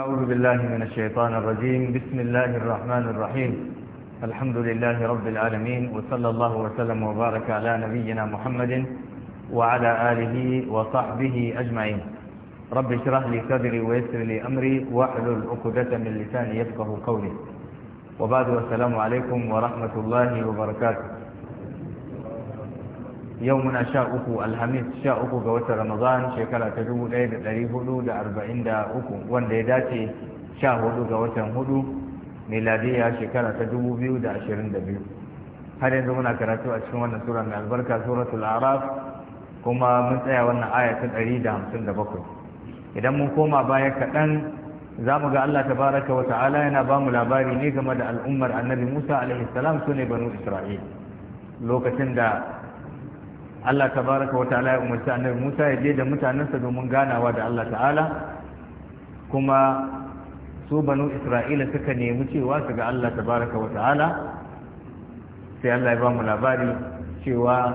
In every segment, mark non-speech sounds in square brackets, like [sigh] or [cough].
أعوذ بالله من الشيطان الرجيم بسم الله الرحمن الرحيم الحمد لله رب العالمين وصلى الله وسلم وبارك على نبينا محمد وعلى آله وصحبه أجمعين رب اشرح لي صدري ويسر لي أمري واحلل عقدة من لساني يفقه قولي وبعد والسلام عليكم ورحمة الله وبركاته yau muna sha uku alhamis sha uku ga wata ramadan shekara ta dubu ɗaya da ɗari hudu da arba'in da uku wanda ya dace sha hudu ga watan hudu miladiya shekara ta dubu biyu da ashirin da biyu har yanzu muna karatu a cikin wannan sura mai albarka suratul araf kuma mun tsaya wannan aya ta ɗari da hamsin da bakwai idan mun koma baya kaɗan za mu ga allah tabaraka wa ta'ala yana ba mu labari ne game da al'ummar annabi musa alaihi salam su ne banu isra'il lokacin da Allah tabaraka wata'ala ya umarci annabi Musa ya je da mutanensa domin ganawa da Allah ta'ala kuma su banu Isra'ila suka nemi cewa su ga Allah tabaraka wata'ala sai Allah ya ba mu labari cewa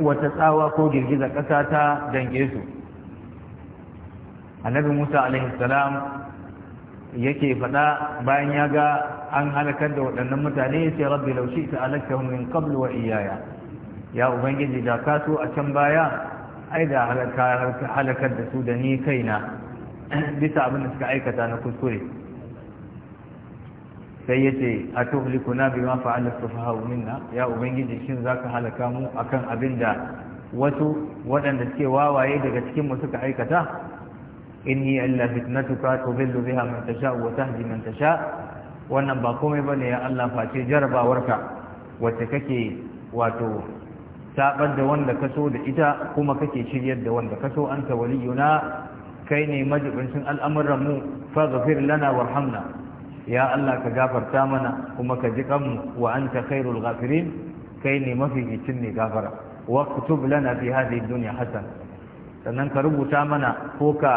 wata tsawa ko girgiza ƙasa ta dange su annabi Musa alaihi salam yake faɗa bayan ya ga an halakar da waɗannan mutane sai rabbi laushi ta alakta min qablu wa iyaya ya ubangiji da ka so a can baya ai da halakar da su da ni kaina [clears throat] bisa abin da suka aikata na kuskure sai ya ce a na bi ma fa'ala hau minna ya ubangiji shin ka halaka mu akan abin da wasu waɗanda suke wawaye daga cikin mu suka aikata inni illa fitnatuka tudillu biha man tasha wa tahdi man tasha wannan ba komai ba ne ya Allah face jarabawarka wacce kake wato tabar da wanda ka so da ita kuma kake shiryar da wanda ka so anta waliyuna kai ne majibincin al'amuran mu faghfir lana warhamna ya Allah ka gafarta mana kuma ka ji kanmu wa ta khairul ghafirin kai ne mafi hicin ne gafara waktub lana fi hadhihi dunya hasan sannan ka rubuta mana ko ka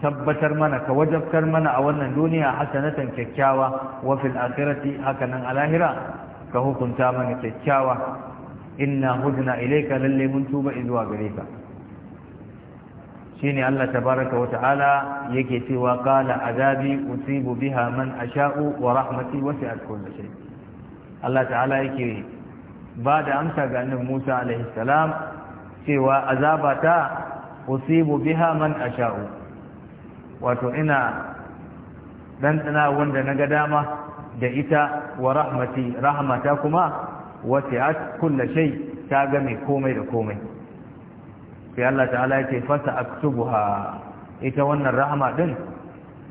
tabbatar mana ka wajabtar mana a wannan duniya hasanatan kyakkyawa wa fil akhirati hakanan a lahira ka hukunta mana kyakkyawa inna hudna ilayka lalle mun tuba zuwa gare ka shine Allah tabaraka wa ta'ala yake cewa qala azabi usibu biha man asha'u wa rahmati wasi'at kulli shay Allah ta'ala yake ba da amsa ga annabi Musa alaihi salam cewa azabata usibu biha man asha'u wato ina dan tana wanda naga dama da ita wa rahmati rahmata kuma wasi'at kullu shay ta ga mai komai da komai sai Allah ta'ala yake fasa aktubuha ita wannan rahama din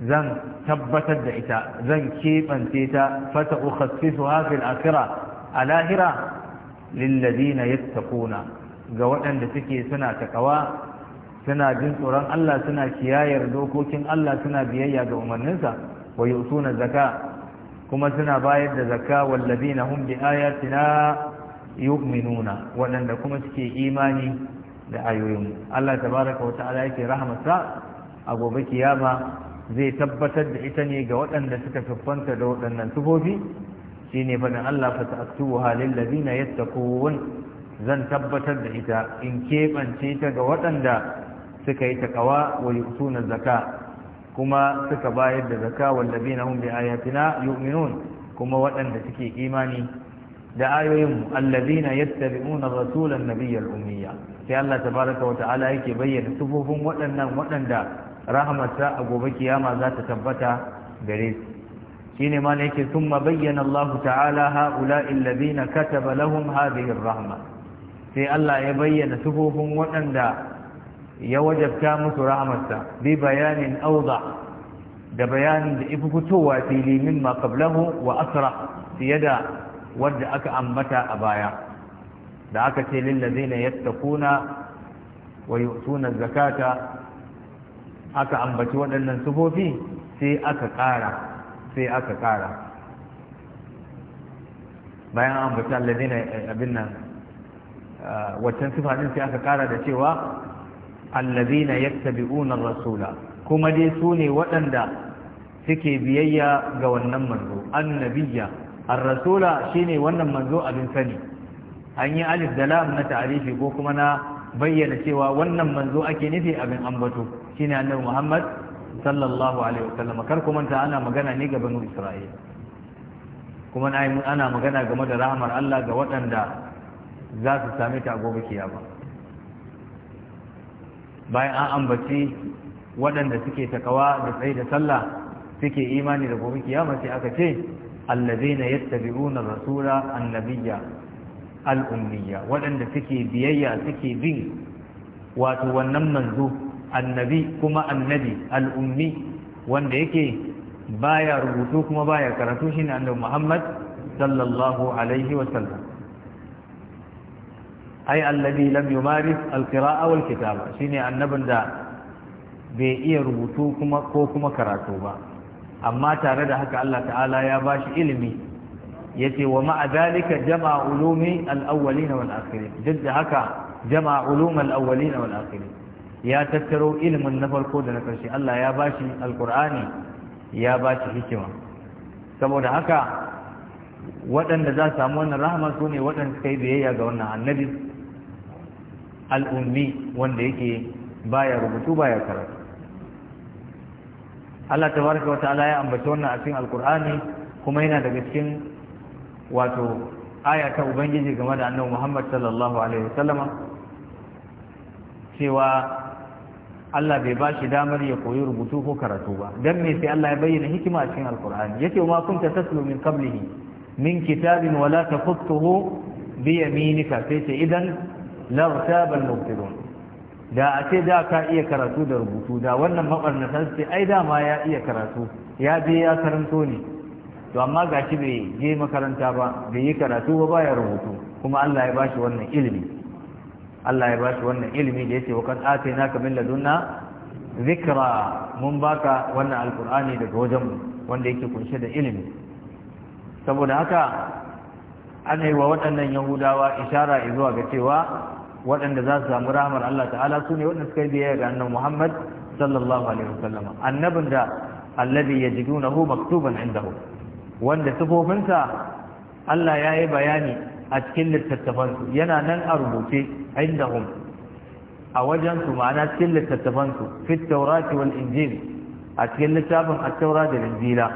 zan tabbatar da ita zan kebance ta fata ukhassisuha fil akhirah a lahira lilladina yattaquna ga waɗanda suke suna takawa suna jin tsoron Allah suna kiyayar dokokin Allah suna biyayya ga umarninsa wa yusuna zaka kuma suna bayar da zakka wallazina hum bi ayatina yu'minuna wadanda kuma suke imani da ayoyin Allah tabaraka wa ta'ala yake rahmatsa a gobe kiyama zai tabbatar da ita ne ga waɗanda suka tuffanta da waɗannan sifofi shine faɗin Allah fa ta'tuha lil ladina yattaqun zan tabbatar da ita in keɓance ta ga waɗanda suka yi takawa wa yu'tuna zakka kuma suka bayar da zaka wallazina hum bi ayatina yu'minun kuma waɗanda suke imani da ayoyin allazina yattabi'una rasulan nabiyyal ummiya sai Allah tabaraka wa ta'ala yake bayyana sufufin waɗannan waɗanda rahmatsa a gobe kiyama za ta tabbata gare su shine ma yake summa bayyana Allah ta'ala ha'ula'i allazina kataba lahum hadhihi rahma sai Allah ya bayyana sufufin waɗanda ya wajabta musu rahamarsa bi bayanin auda da bayanin da ifi fitowa fili mimma qablahu wa asra fiye da wanda aka ambata a baya da aka ce lil ladina yattaquna wa yu'tuna zakata aka ambaci waɗannan sufofi sai aka ƙara sai aka ƙara bayan ambata alladina eh, abin nan eh, waccan sifa din sai aka ƙara da cewa allazina yattabi'una rasula kuma dai sune waɗanda suke biyayya ga wannan manzo annabiyya ar-rasula shine wannan manzo abin sani an yi alif da lam na ta'arifi ko kuma na bayyana cewa wannan manzo ake nufi abin ambato shine annabi Muhammad sallallahu alaihi wasallam kar kuma ta ana magana ne ga banu Isra'ila kuma ana magana game da rahmar Allah ga waɗanda za su sami ta gobe kiyama bayan an ambaci waɗanda suke takawa da tsaye da sallah suke imani da gobe kiyama sai aka ce allazina yattabi'una rasula annabiyya al'ummiya waɗanda suke biyayya suke bin wato wannan manzo annabi kuma annabi al'ummi wanda yake baya rubutu kuma baya karatu shine annabi Muhammad sallallahu alaihi ai allabi lam yumaris alqira'a wal kitaba shine annabin da bai iya rubutu kuma ko kuma karatu ba amma tare da haka Allah ta'ala ya shi ilimi yace wa ma'a zalika jama'a ulumi al-awwalin wal akhirin duk da haka jama'a ulum al-awwalin wal akhirin ya tattaro ilimin na farko da na karshe Allah ya bashi alqur'ani ya bashi hikima saboda haka waɗanda za su samu wannan rahama su ne waɗanda suka biyayya ga wannan annabi al'ummi wanda yake baya rubutu baya karatu Allah tabaraka wata'ala ya ambaci wannan a cikin alkur'ani kuma yana daga cikin wato ayata ubangiji game da annabu Muhammad sallallahu alaihi wasallama cewa Allah bai ba shi damar ya koyi rubutu ko karatu ba dan me sai Allah ya bayyana hikima a cikin alkur'ani yace ma kunta taslu min kablihi min kitabin wala tafutuhu bi sai ce idan lartaba al-mubtilun da a ce da ka iya karatu da rubutu da wannan mabarnatan sai ai da ma ya iya karatu ya je ya karanto ne to amma gashi bai je makaranta ba bai yi karatu ba baya rubutu kuma Allah ya bashi wannan ilimi Allah ya bashi wannan ilimi da yace wa kad ka min ladunna zikra mun baka wannan alqur'ani daga wajen wanda yake kunshe da ilimi saboda haka an yi wa waɗannan yahudawa ishara zuwa ga cewa waɗanda za su samu rahmar Allah ta'ala su ne waɗanda suka yi biyayya ga Muhammad sallallahu alaihi wasallam annabin da alladhi yajidunahu maktuban indahu wanda sifofinsa Allah ya yi bayani a cikin littattafansu yana nan a rubuce indahum a wajensu ma'ana cikin littattafansu fit taurati wal injil a cikin littafin at-taura da injila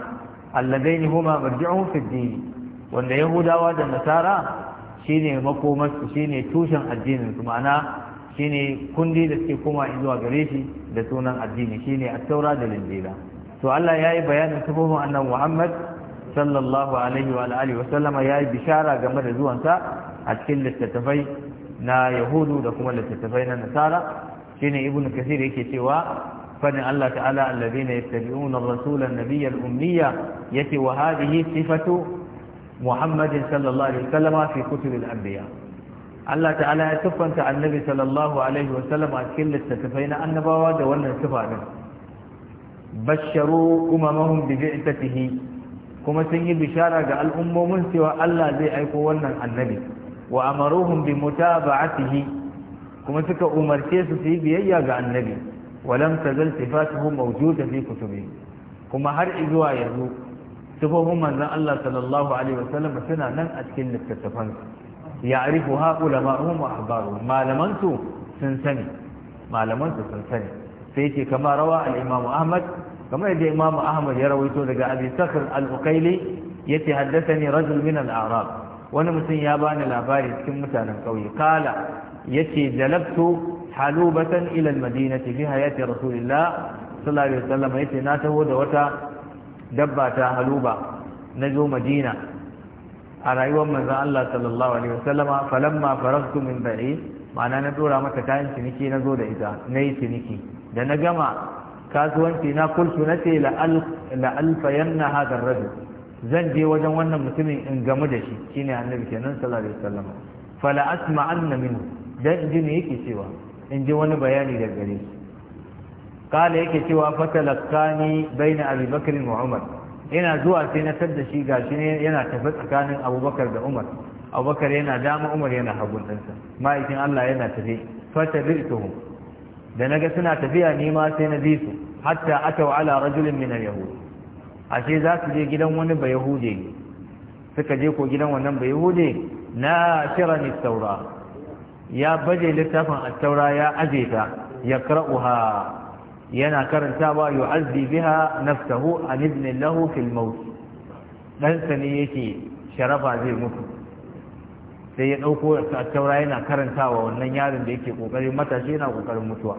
alladaini huma marji'uhum fi din wanda yahudawa da nasara shine makomarsu shine tushen addinin su ma'ana shine kundi da suke koma zuwa gare shi da sunan addini shine a taura da linjila to Allah yayi bayanin sifofin annabi Muhammad sallallahu alaihi wa alihi wa sallama yayi bishara game da zuwansa a cikin littattafai na yahudu da kuma littattafai na nasara shine ibnu kasir yake cewa fadin Allah ta'ala alladhina yattabi'una ar-rasula an-nabiyya al-ummiyya yake wa hadhihi sifatu محمد صلى الله عليه وسلم في كتب الأنبياء الله تعالى يتفنت عن النبي صلى الله عليه وسلم عن كل التتفين النبوة دولنا التفاعل بشروا أممهم ببعثته كما سنجي بشارة قال أمم سوى الله ذي أيقونا النبي وأمروهم بمتابعته كما سكى أمر كيس في بيئة النبي ولم تزل صفاته موجودة في كتبه كما هر إذوا يزوك sifofin manzan Allah sallallahu alaihi wasallam suna nan a cikin littattafansu ya arifu ha ulama'uhum wa ahbaruhum malaman sun sani sun sani sai ce kama rawa al Ahmad kamar yadda Imam Ahmad ya rawaito daga Abi alukaili al ce yace haddathani rajul min al wani mutum ya bani labari cikin mutanen kauye kala yace jalabtu halubatan ila madina madinati fi hayati rasulillah sallallahu alaihi wasallam yace na taho da wata dabba ta haluba na zo madina a rayuwar manzan Allah sallallahu alaihi wasallama falamma faraktu min ba'i ma'ana na dora mata kayan ciniki na zo da ita na yi ciniki da na gama kasuwanci na kulsu na ce na hadar rajul zan je wajen wannan mutumin in gamu da shi shine annabi kenan sallallahu alaihi wasallama fala asma'anna minhu dan ji yake cewa in ji wani bayani daga gare shi kala yake cewa fatalakani baina na Abubakar da umar yana zuwa sai na tar da shi shi ne yana tafi tsakanin abubakar da umar abubakar yana dama umar yana hagun ɗansa ma'aikin allah yana tafi fatabirtuhum da ga suna tafiya ni ma sai na bi su hatta aka ala rajulin min al-yahud ashe za su je gidan wani ba yahude suka je ko gidan wannan ba yahude na ni saura. ya baje littafin a saura ya aje ta yaqra'uha yana karanta karantawa yu'azzi biha nafsahu an ibn lahu fil maut dan sani yake sharafa zai mutu sai ya dauko taura yana karantawa wannan yaron da yake kokarin matashi yana kokarin mutuwa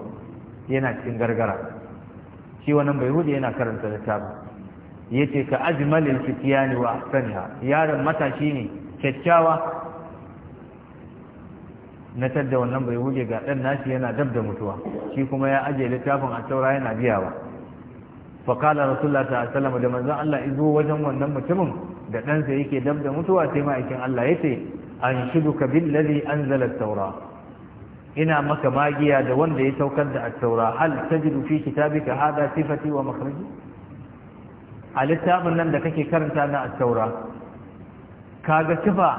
yana cikin gargara shi wannan bai hudu yana karanta Ya yace ka ajmalil fityani wa ahsanha yaron matashi ne kyakkyawa na tadda wannan bai buge ga ɗan nashi yana dab da mutuwa shi kuma ya ajiye littafin a taura yana biyawa fa qala rasulullah sallallahu alaihi da manzon Allah izo wajen wannan mutumin da ɗansa yake dab da mutuwa sai ma'aikin Allah yace an shiduka billazi anzala at-taura ina maka magiya da wanda ya saukar da at-taura hal tajidu fi kitabika hada sifati wa makhraji a littafin nan da kake karanta na at-taura kaga sifa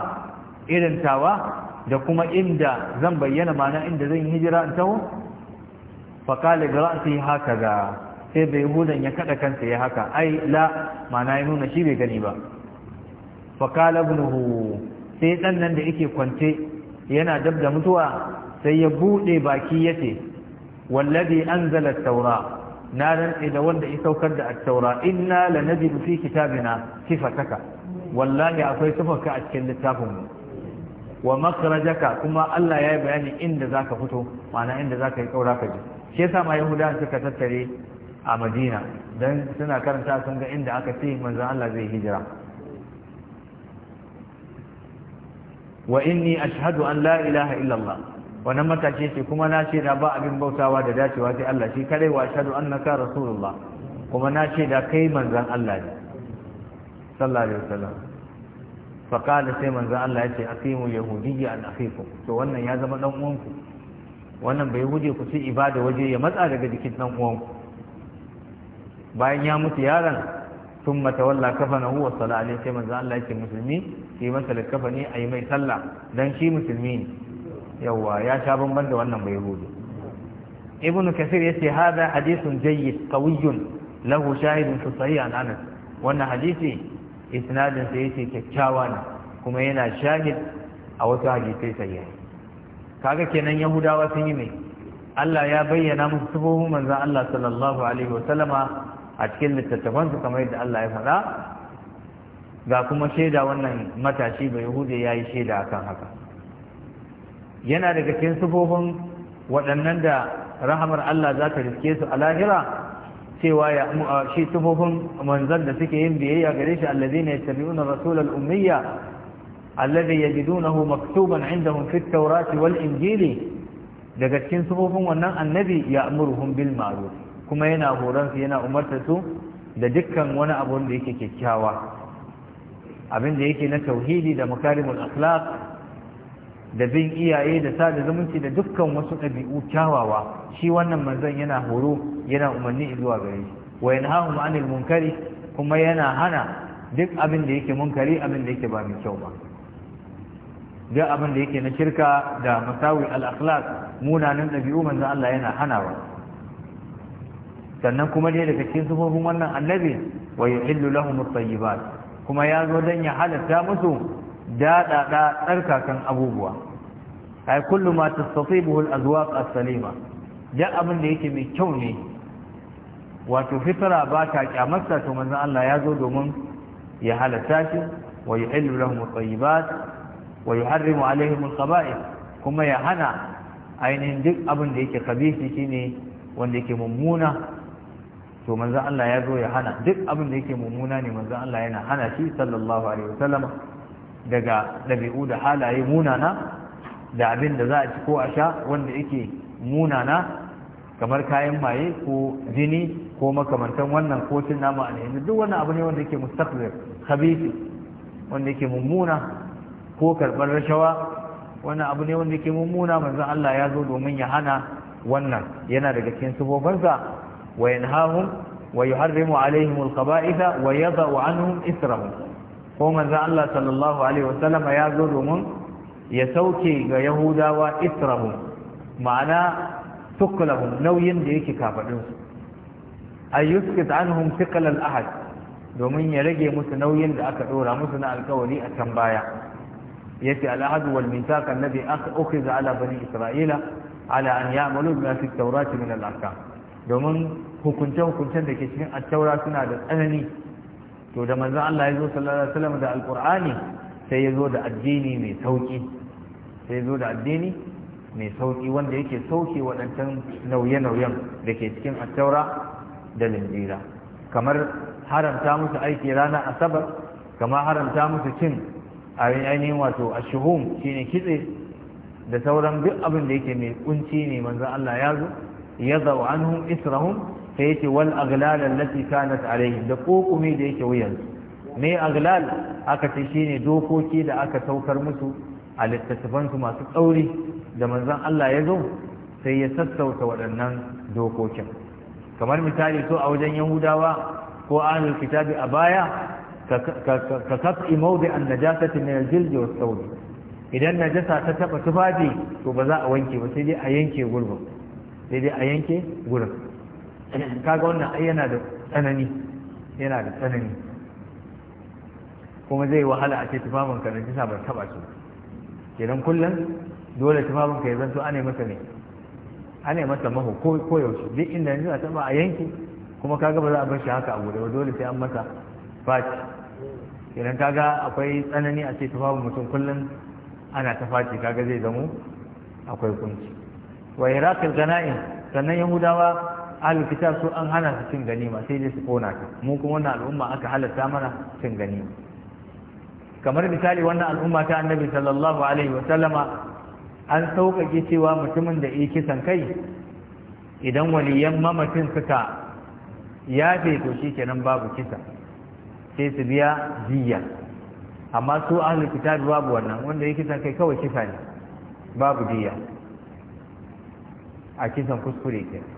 irin tawa da kuma inda zan bayyana mana inda zan hijira in taho faƙali da haka ga sai bai hudan ya kaɗa kansa ya haka ai la mana ya nuna shi bai gani ba faƙali abnuhu sai ɗan da yake kwance yana dab da mutuwa sai ya buɗe baki ya ce wallabi an zala taura na rantse da wanda ya saukar da taura inna la najidu fi kitabina sifataka wallahi akwai sifarka a cikin littafinmu wa makarajaka kuma Allah ya yi bayani inda za ka fito ma'ana inda za ka yi ƙaura ka ji shi yasa ma yahudawa suka tattare a madina don suna karanta sun ga inda aka ce manzan Allah zai hijira wa inni ashhadu an la ilaha illallah wannan matashi ce kuma na ce da ba abin bautawa da dacewa sai Allah shi kadai wa ashhadu annaka rasulullah kuma na ce da kai manzan Allah ne sallallahu alaihi wasallam faƙala sai manzan Allah ya ce yahudiyya an to wannan ya zama dan uwanku wannan bai huje ku ci ibada waje ya matsa daga jikin dan uwanku bayan ya mutu yaron thumma tawalla kafanahu wa salla alaihi sai manzan Allah ya ce musulmi yi masa ne a yi mai sallah dan shi musulmi ne yawa ya sha bamban da wannan bai huje ibnu kasir ce hada hadithun jayyid qawiyyun lahu shahidun fi sahih an anas wannan hadisi isnadin sa yake kyakkyawa ne kuma yana shahid a wasu hadisai sahihai kaga kenan yahudawa sun yi mai Allah ya bayyana musu subuhu manzon Allah sallallahu alaihi wa sallama a cikin su kamar yadda Allah ya faɗa ga kuma shaida wannan matashi bai hude ya yi shaida akan haka yana daga cikin sufofin waɗannan da rahamar Allah za ta riske su a lahira cewa ya shi sufofin manzan da suke yin biyayya gare shi allazina yattabi'una rasulal ummiya alladhi yajidunahu maktuban 'indahum fit tawrati wal injili daga cikin sufofin wannan annabi ya amurhum bil ma'ruf kuma yana horon su yana umarta su da dukkan wani abu da yake kyakkyawa abin da yake na tauhidi da makarimul akhlaq da bin iyaye da sada zumunci da dukkan wasu ɗabi'u kyawawa shi wannan manzon yana horo yana umarni zuwa gare shi wa yanhahum anil munkari kuma yana hana duk abin da yake munkari abin da yake ba mai kyau ba duk abin da yake na shirka da masawi al-akhlaq munanan ɗabi'u manzon Allah yana hanawa sannan kuma dai daga cikin sufofin wannan annabi wa yuhillu lahum at-tayyibat kuma ya zo dan ya halatta musu daɗaɗa tsarkakan abubuwa ai kullu ma tastatibuhu al-azwaq as-salima da abin da yake mai kyau ne wato fitara ba ta kyamarsa to manzon Allah ya zo domin ya halatta shi wa yuhillu lahum at-tayyibat wa yuharrimu alaihim al-khaba'ith kuma ya hana ainihin duk abin da yake shi ne wanda yake mummuna to manzon Allah ya zo ya hana duk abin da yake mummuna ne manzon Allah yana hana shi sallallahu alaihi wasallam daga ɗabi'u da halaye munana da abin da za a ci ko a sha wanda yake munana kamar kayan maye ko jini ko makamantan wannan ko cin nama a nemi duk wani abu ne wanda yake mustaqbir khabisi wanda yake mummuna ko karɓar rashawa wani abu ne wanda yake mummuna manzon Allah ya zo domin ya hana wannan yana daga cikin sufofinsa wa yanhahum wa yuharrimu alaihim alqaba'itha wa yadha'u anhum israhum ko manzon Allah sallallahu alaihi wasallama ya zo domin ya sauke ga yahudawa israhum ma'ana tukulahum nauyin da yake kafadin su ayyuskit anhum thiqal al-ahad domin ya rage musu nauyin da aka dora musu na alkawari a can baya yace al-ahad wal mithaq alladhi ukhiza ala bani isra'ila ala an ya'malu bima fi at-taurati min al-ahkam domin hukunce hukuncen da ke cikin at-taura suna da tsanani to da manzon Allah ya zo sallallahu alaihi wasallam da alqur'ani sai ya zo da addini mai sauki sai ya zo da addini mai sauki wanda yake sauke waɗancan nauye-nauyen da ke cikin attaura da linjira kamar haramta musu aiki ranar asabar kamar haramta musu cin ainihin wato a shuhum shine kitse da sauran duk abin da yake mai kunci ne manzan Allah ya zo ya zau anhum israhum sai yace wal aghlal allati kanat alaihim da kokumi da yake wuyan me aglal aka ce shine dokoki da aka saukar musu a littattafan su masu tsauri da manzon Allah ya zo sai ya sassauta waɗannan dokokin kamar misali so a wajen yahudawa ko ahlul kitabi a baya ka kafi mawdi an najasati min al wa thawb idan najasa ta taba tufafi to ba za a wanke ba sai dai a yanke gurbin sai dai a yanke gurbin kaga wannan ai yana da tsanani yana da tsanani kuma zai wahala a ce tufafin ka najisa ba taba su kenan kullum dole tufafin ka ya zanto ana masa ne ana masa maho ko yaushe duk inda yanzu a taba a yanki kuma kaga ba za a bar shi haka a gode ba dole sai an masa faci kenan kaga akwai tsanani a ce tufafin mutum kullum ana ta faci kaga zai zamo akwai kunci wa iraqil gana'in sannan yahudawa ahlul kitab su an hana su cin ganima sai dai su kona ta mu kuma wannan al'umma aka halatta mana cin ganima kamar misali wannan al'umma ta annabi sallallahu alaihi wa sallama an sauƙaƙe cewa mutumin da yake kisan kai idan waliyan mamacin suka yafe to shi kenan babu kisa sai su biya jiya amma su ahlul kitab babu wannan wanda yake kisan kai kawai kisa ne babu jiya a kisan kuskure kenan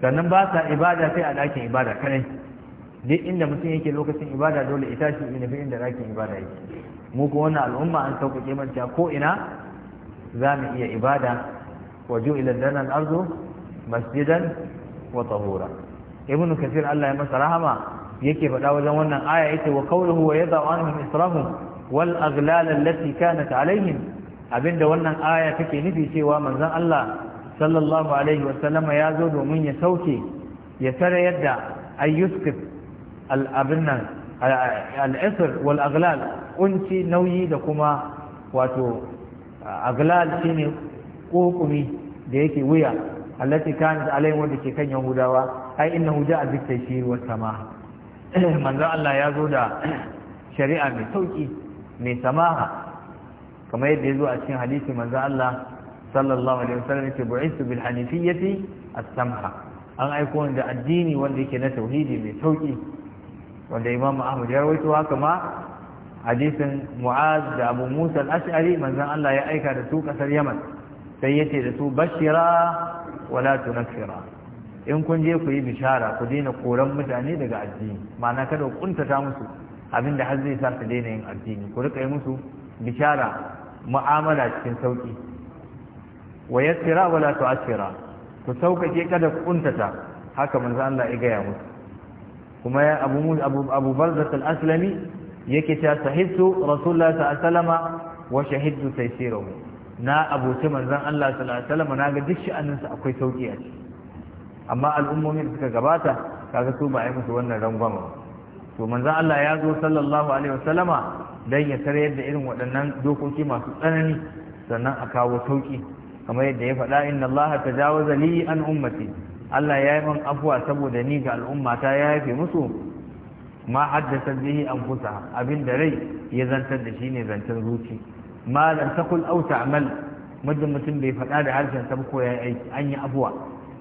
sannan ba sa ibada sai a ɗakin ibada kadai duk inda mutum yake lokacin ibada dole ita shi ne fi inda ɗakin ibada yake mu wannan al'umma an sauƙaƙe manta ko ina za mu iya ibada wa ju'ila lana al-ardu masjidan wa tahura ibnu kathir Allah ya masa rahama yake faɗa wajen wannan aya yake wa qawluhu wa yadh'u anhum israhum wal aghlal allati kanat alaihim abinda wannan aya take nufi cewa manzon Allah sallallahu alaihi wasallama ya zo domin ya sauke ya tare yadda ayyuskif al'abin nan al'isir wal aglal kunci nauyi da kuma wato aglal shine kokumi da yake wuya allati kanat alaihi wanda ke kan yahudawa ai innahu ja'a bi tashir wa samaha [clears throat] manzo Allah ya zo da [clears throat] shari'a mai sauki mai samaha kamar yadda ya zo a cikin hadisi manzo Allah sallallahu alaihi wasallam yake bu'istu bil hanifiyyati as-samha an aiko da addini wanda yake na tauhidi mai sauƙi wanda Imam Ahmad ya rawaito haka ma hadisin Mu'az da Abu Musa al-Ash'ari manzon Allah ya aika da su kasar Yaman sai yace da su bashira wala tunfira in kun je ku yi bishara ku daina koran mutane daga addini ma'ana kada ku ƙuntata musu abinda har zai sa daina yin addini ku rika musu bishara mu'amala cikin sauƙi. wa yassira wala tu'assira ku sauƙaƙe kada ku kuntata haka manzo Allah ya gaya musu kuma ya Abu Abu Abu Barzat al-Aslami yake ta sahihtu Rasulullah sallallahu alaihi wa shahidtu taysiruhu na abuci manzon Allah sallallahu alaihi wasallam na ga duk sha'anin sa akwai sauki a ciki amma al'ummomin suka gabata kaga su ba ai musu wannan rangwama to manzon Allah ya zo sallallahu alaihi wasallama dan ya tare da irin waɗannan dokoki masu tsanani sannan a kawo sauki kamar yadda ya faɗa inna ta tajawaza li an ummati Allah ya yi man afuwa saboda ni ga al'ummata ya yafe musu ma haddasa bihi anfusa abin da rai ya zantar da shi ne zantar zuci ma lam takul aw ta'mal muddin mutum bai faɗa da harshen sa ko ya aiki an yi afuwa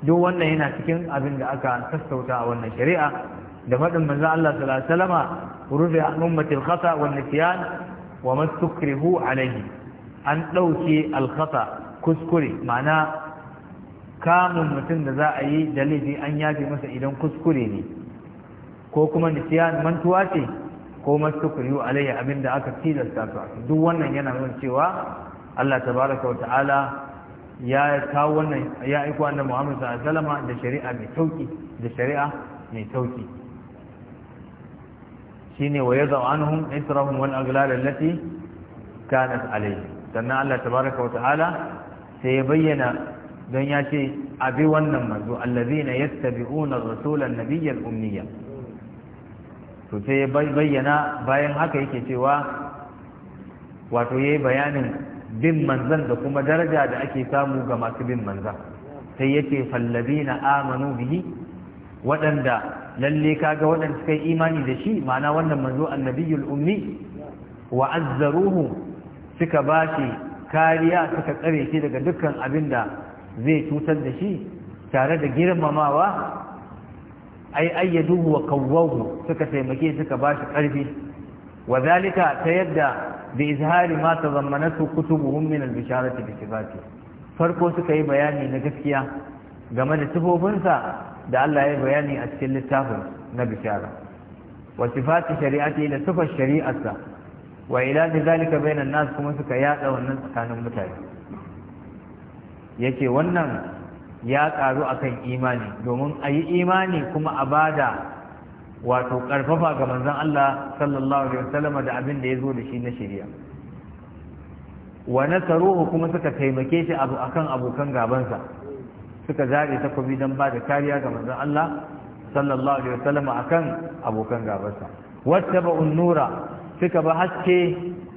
duk wannan yana cikin abin da aka sassauta a wannan shari'a da faɗin manzo Allah sallallahu alaihi wasallama rufi ummati al-khata wan nisyan wa mastukrihu alayhi an dauke al-khata kuskure ma'ana kamun mutum da za a yi da laifi an yafe masa idan kuskure ne ko kuma nisiyan mantuwa ce ko mastukuri alayya abin da aka tilasta su duk wannan yana nuna cewa Allah tabaraka wa ta'ala ya kawo wannan ya aiko annabi Muhammad sallallahu alaihi da shari'a mai sauki da shari'a mai sauki shine wa yadau anhum israhum wal aghlal allati kanat alayhi sannan Allah tabaraka wa ta'ala sai ya bayyana don ya ce abi wannan manzo allazina na ar-rasula an-nabiyya al-ummiyya to sai ya bayyana bayan haka yake cewa wato yayi bayanin bin manzan da kuma daraja da ake samu ga masu bin manzan sai yace fallazina amanu bihi waɗanda lalle kaga waɗanda suka yi imani da shi ma'ana wannan manzo annabiyul ummi wa azzaruhu suka bashi kariya suka tsare shi daga dukkan abin da zai cutar da shi tare da girmamawa ai ayyaduhu wa kawwahu suka taimake suka bashi karfi wa zalika ta yadda bi izhari ma tazammanatu kutubuhum min al-bisharati bi sifati farko suka yi bayani na gaskiya game da sifofinsa da Allah ya bayani a cikin littafin na bishara wa sifati shari'ati da sifar shari'arsa wa ila da zalika bainan nas kuma suka yada wannan tsakanin mutane yace wannan ya karu akan imani domin a yi imani kuma a bada wato karfafa ga manzon Allah sallallahu alaihi wasallam da abin da ya zo da shi na shari'a wa nasaruhu kuma suka taimake shi abu akan abokan gabansa suka zare takobi don ba da kariya ga manzon Allah sallallahu alaihi wasallam akan abokan gabansa wattaba'un nura suka ba haske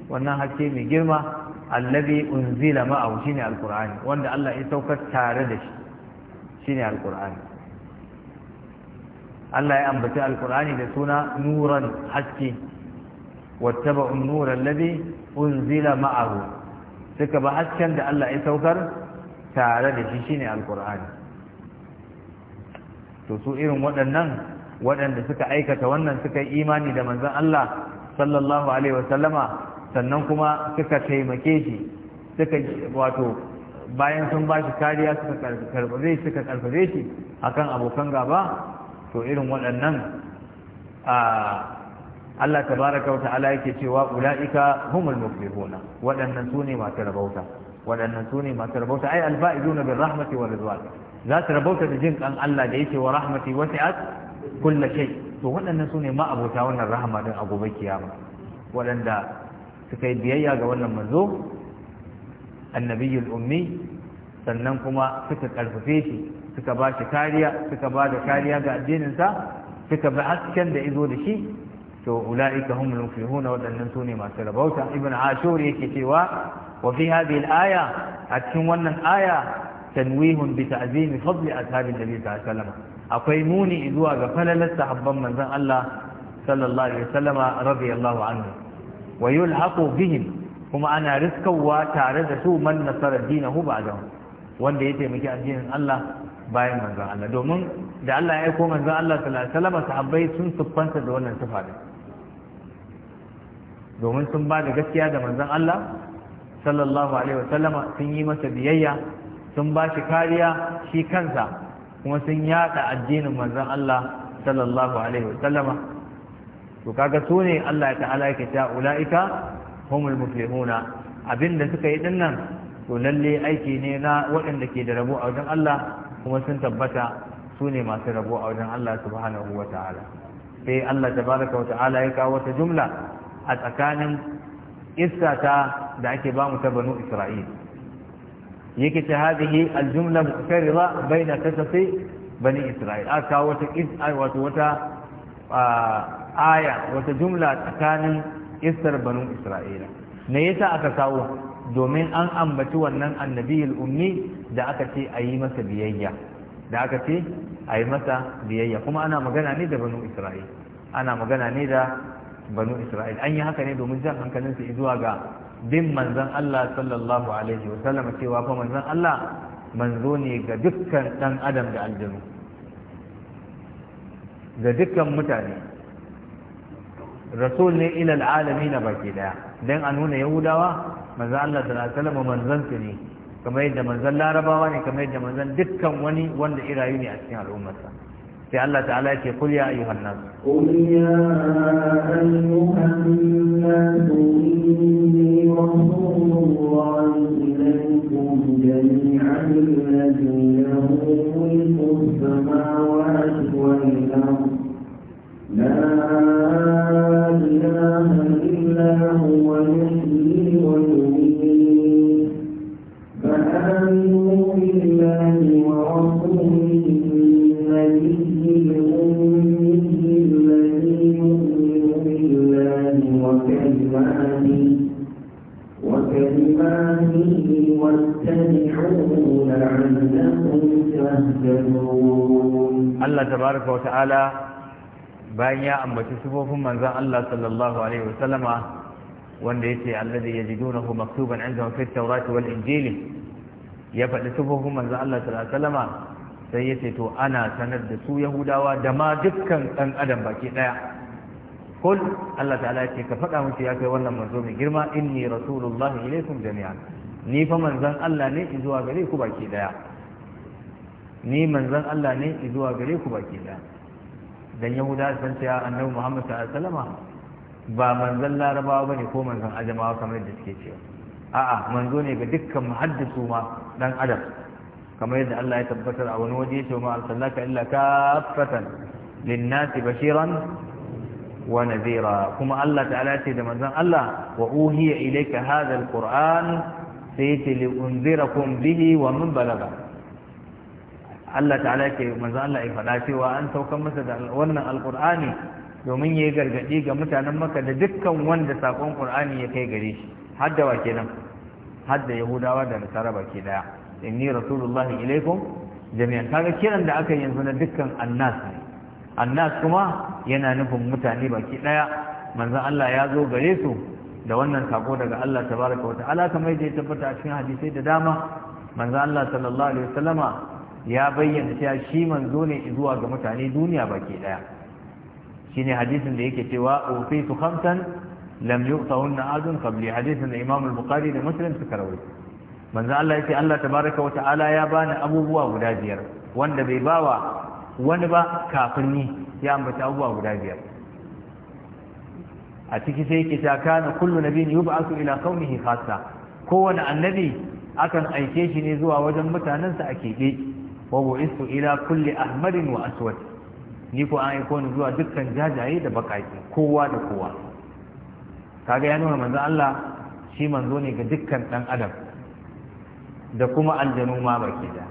wannan haske mai girma allabi, unzila ma'ahu ne alqur'ani wanda Allah ya saukar tare da shi shi ne alqur'ani Allah ya ambaci alqur'ani da suna nuran haske wattaba'u an-nura unzila ma'ahu suka ba hasken da Allah ya saukar tare da shi shi ne alqur'ani to su irin waɗannan waɗanda suka aikata wannan suka yi imani da manzan Allah sallallahu alaihi wasallama sannan kuma suka taimake shi suka wato bayan sun ba shi kariya suka karfafe suka karfafe shi akan abokan gaba to irin waɗannan a Allah tabaraka wa ta'ala yake cewa ulaika humul muflihuna waɗannan su ne masu rabauta waɗannan ne masu rabauta ai alfa'iduna bir rahmati wa ridwan za su rabauta da jin kan Allah da yake wa rahmati wasi'at kullu shay' to waɗannan su ne ma'abota wannan rahama din a gobe kiyama waɗanda suka yi biyayya ga wannan manzo annabiyul ummi sannan kuma suka karfafe shi suka ba shi kariya suka ba da kariya ga addininsa suka bi hasken da izo da shi to ula'ika humul muflihuna waɗannan su ne masu rabauta ibn ashur yake cewa wa fi hadhihi al-aya a cikin wannan aya tanwihun bi ta'zimi fadli ashabin nabi sallallahu alaihi wasallam akwai muni zuwa ga falalar sahabban manzon Allah sallallahu alaihi wasallama radiyallahu anhu wa yulhaqu bihim kuma ana riskawa tare da su man nasara dinahu ba'da wanda ya taimaki addinin Allah bayan manzon Allah domin da Allah ya aiko manzon Allah sallallahu alaihi wasallama sahabbai sun siffanta da wannan sifa domin sun ba da gaskiya da manzon Allah sallallahu alaihi wasallama sun yi masa biyayya sun ba shi kariya shi kansa kuma sun yada addinin manzon Allah sallallahu alaihi wa sallama to kaga su ne Allah ta'ala yake ta ulaika humul muflihuna abinda suka yi dinnan to lalle aiki ne na waɗanda ke da rabo a wajen Allah kuma sun tabbata su ne masu rabo a wajen Allah subhanahu wa ta'ala sai Allah tabaraka wa ta'ala ya kawo wata jumla a tsakanin issa ta da ake ba mu ta banu Isra'il yake ce hadihi aljumla mukarrira baina kasafi bani isra'il aka kawo wata is'ai wato wata aya wata jumla tsakanin isar banu isra'ila me yasa aka kawo domin an ambaci wannan annabiyul ummi da aka ce a yi masa biyayya da aka ce a yi masa biyayya kuma ana magana ne da banu isra'il ana magana ne da banu isra'il an yi haka ne domin jan hankalinsu zuwa ga bin manzan Allah sallallahu alaihi wa sallam cewa fa manzan Allah manzo ne ga dukkan dan adam da aljanu ga dukkan mutane rasul ne ila na baki daya dan a nuna yahudawa manzon Allah sallallahu alaihi manzansu sallam manzon ne kamar yadda manzan larabawa ne kamar yadda manzan dukkan wani wanda irayu ne a cikin al'ummarsa في الله تعالى قل يا أيها الناس قل يا أيها الناس إني رسول الله إليكم جميعا الذي له ملك السماوات والأرض لا إله إلا هو يحيي ويميت يتبعون tabaraka يهتدون الله bayan ya ambaci sifofin manzan Allah sallallahu alaihi wasallama wanda yace allazi yajidunahu maktuban indahum fit taurati wal injili ya faɗi sifofin manzan Allah sallallahu alaihi wasallama sai yace to ana sanar da su yahudawa da ma dukkan ɗan adam baki ɗaya kul Allah ta'ala ce ka faɗa musu ya kai wannan manzo mai girma inni rasulullahi ilaikum jami'an ni fa manzan Allah ne zuwa gare ku baki daya ni manzan Allah ne zuwa gare ku baki daya dan yahuda san cewa annabi Muhammad sallallahu alaihi wasallam ba manzan larabawa bane ko manzan ajamawa kamar yadda suke cewa a'a manzo ne ga dukkan muhaddisu ma dan adam kamar yadda Allah ya tabbatar a wani waje ce ma arsalnaka illa kaffatan lin bashiran wa nadhira kuma Allah ta'ala ce da manzan Allah wa uhiya ilayka hadha al-qur'an sai li ce kun bihi wa mun balaga Allah ta'ala ke manzo Allah ya faɗa cewa an saukar masa da wannan alqur'ani domin yayi gargadi ga mutanen Makka da dukkan wanda sakon Qur'ani ya kai gare shi har da wake nan, har da Yahudawa da Nasara baki daya inni rasulullahi ilaikum jami'an kaga kiran da aka yi yanzu na dukkan annas ne annas kuma yana nufin mutane baki daya manzo Allah ya zo gare su da wannan sako daga Allah tabaraka wa ta'ala kamar da ya tabbata a cikin hadisai da dama manzo Allah sallallahu alaihi wasallama ya bayyana cewa shi manzo ne zuwa ga mutane duniya baki daya shine hadisin da yake cewa ufaitu khamsan lam yu'tahunna adun qabli hadisin da Imam al-Bukhari da Muslim suka rawaito manzo Allah yace Allah tabaraka wa ta'ala ya bani abubuwa guda biyar wanda bai bawa wani ba kafin ni ya ambata abubuwa guda biyar a ciki sai yake ta na kullu nabiyin yub'athu ila qaumihi khassa kowane annabi akan aike shi ne zuwa wajen mutanensa a keɓe wa bu'istu ila kulli ahmarin wa aswad ni ko an aiko ni zuwa dukkan jajaye da bakaki kowa da kowa kaga ya nuna manzo Allah shi manzo ne ga dukkan dan adam da kuma aljanu ma baki da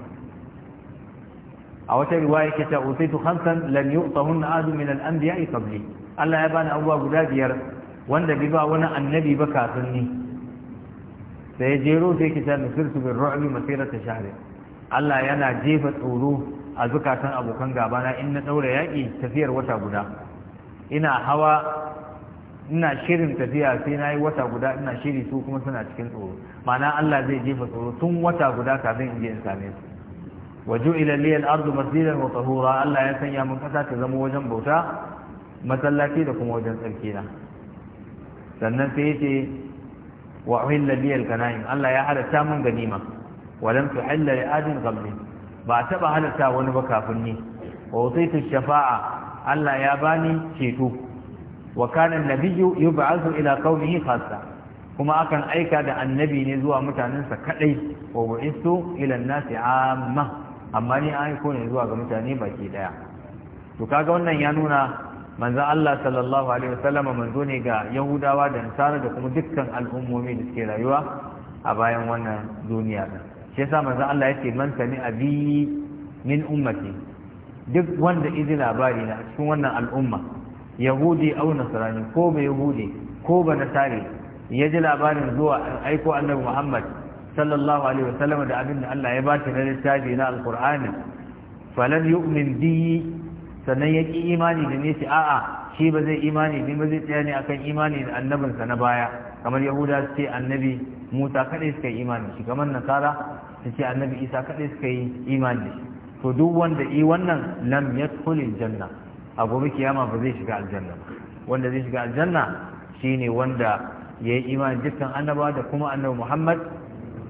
a wata riwaya yake ta usaitu khamsan lam yu'tahunna adu min al-anbiya'i qabli Allah ya bani abubuwa guda biyar wanda bi ba wani annabi ba kafin ni sai ya jero sai ki ta nufirsu bin ru'abi masirar ta share Allah yana jefa tsoro a zukatan abokan gabana in na ɗaura yaƙi tafiyar wata guda ina hawa ina shirin tafiya sai na yi wata guda ina shiri su kuma suna cikin tsoro ma'ana Allah zai jefa tsoro tun wata guda kafin in je in same su wa ju'ila liyal ardu masjidan wa tahura Allah ya sanya mun kasa ta zama wajen bauta masallaci da kuma wajen tsarki na sannan sai yace wa uhilla li al Allah ya halatta min ganima wa lam tuhilla li adin qabli ba taba halatta wani ba kafin ni wa wasaitu shafa'a Allah ya bani ceto wa kana an-nabiyyu yub'athu ila qaumihi khassa kuma akan aika da annabi ne zuwa mutanensa kadai wa bu'istu ila an-nasi amma amma ni aiko ne zuwa ga mutane baki daya to kaga wannan ya nuna manzan Allah sallallahu alaihi manzo ne ga yahudawa da nasara da kuma dukkan al'ummomi da suke rayuwa a bayan wannan duniya shi yasa manzan Allah yake man tani abi min ummati duk wanda izi labari na cikin wannan al'umma yahudi au Nasarani, ko ba yahudi ko ba nasari ya ji labarin zuwa aiko annabi Muhammad sallallahu alaihi da abin da Allah ya ba ta na littafi na alqur'ani falan yu'min bi sannan ya ƙi imani da nesi a'a shi ba zai imani ne ba zai tsaya ne akan imani da annabinsa na baya kamar yahuda su ce annabi musa kaɗai suka yi imani shi kamar nasara su ce annabi isa kaɗai suka yi imani to duk wanda yi wannan lam yadkhulil janna a gobe kiyama ba zai shiga aljanna ba wanda zai shiga aljanna shine wanda ya yi imani dukkan annaba da kuma annabi muhammad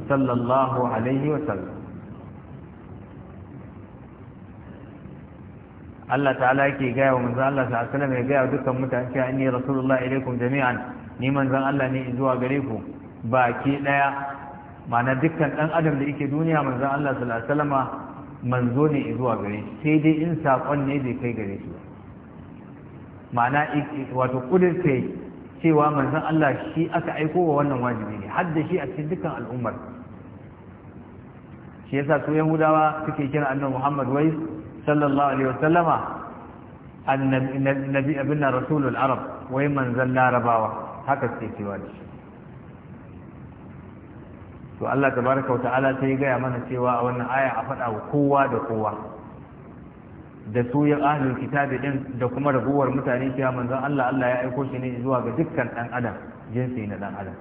sallallahu alaihi wa sallam Allah ta'ala yake gaya wa manzon Allah sallallahu alaihi wasallam ya gaya dukkan mutane cewa inni rasulullah ilaikum jami'an ni manzon Allah ne zuwa gare ku baki daya ma'ana dukkan dan adam da yake duniya manzon Allah sallallahu alaihi wasallama manzo ne zuwa gare shi sai dai in sakon ne bai kai gare shi ma'ana wato kudirce cewa manzon Allah shi aka aiko wa wannan wajibi ne har da shi a cikin dukkan al'ummar shi yasa su yahudawa suke kira annabi Muhammad wai sallallahu alaihi wasallama annabi abinna rasulul arab wai manzan larabawa haka suke cewa da to Allah tabaraka wata'ala ta yi gaya mana cewa a wannan aya a faɗa wa kowa da kowa da su yin ahlul kitabi din da kuma raguwar mutane cewa manzon Allah Allah ya aiko shi ne zuwa ga dukkan dan adam jinsi na ɗan adam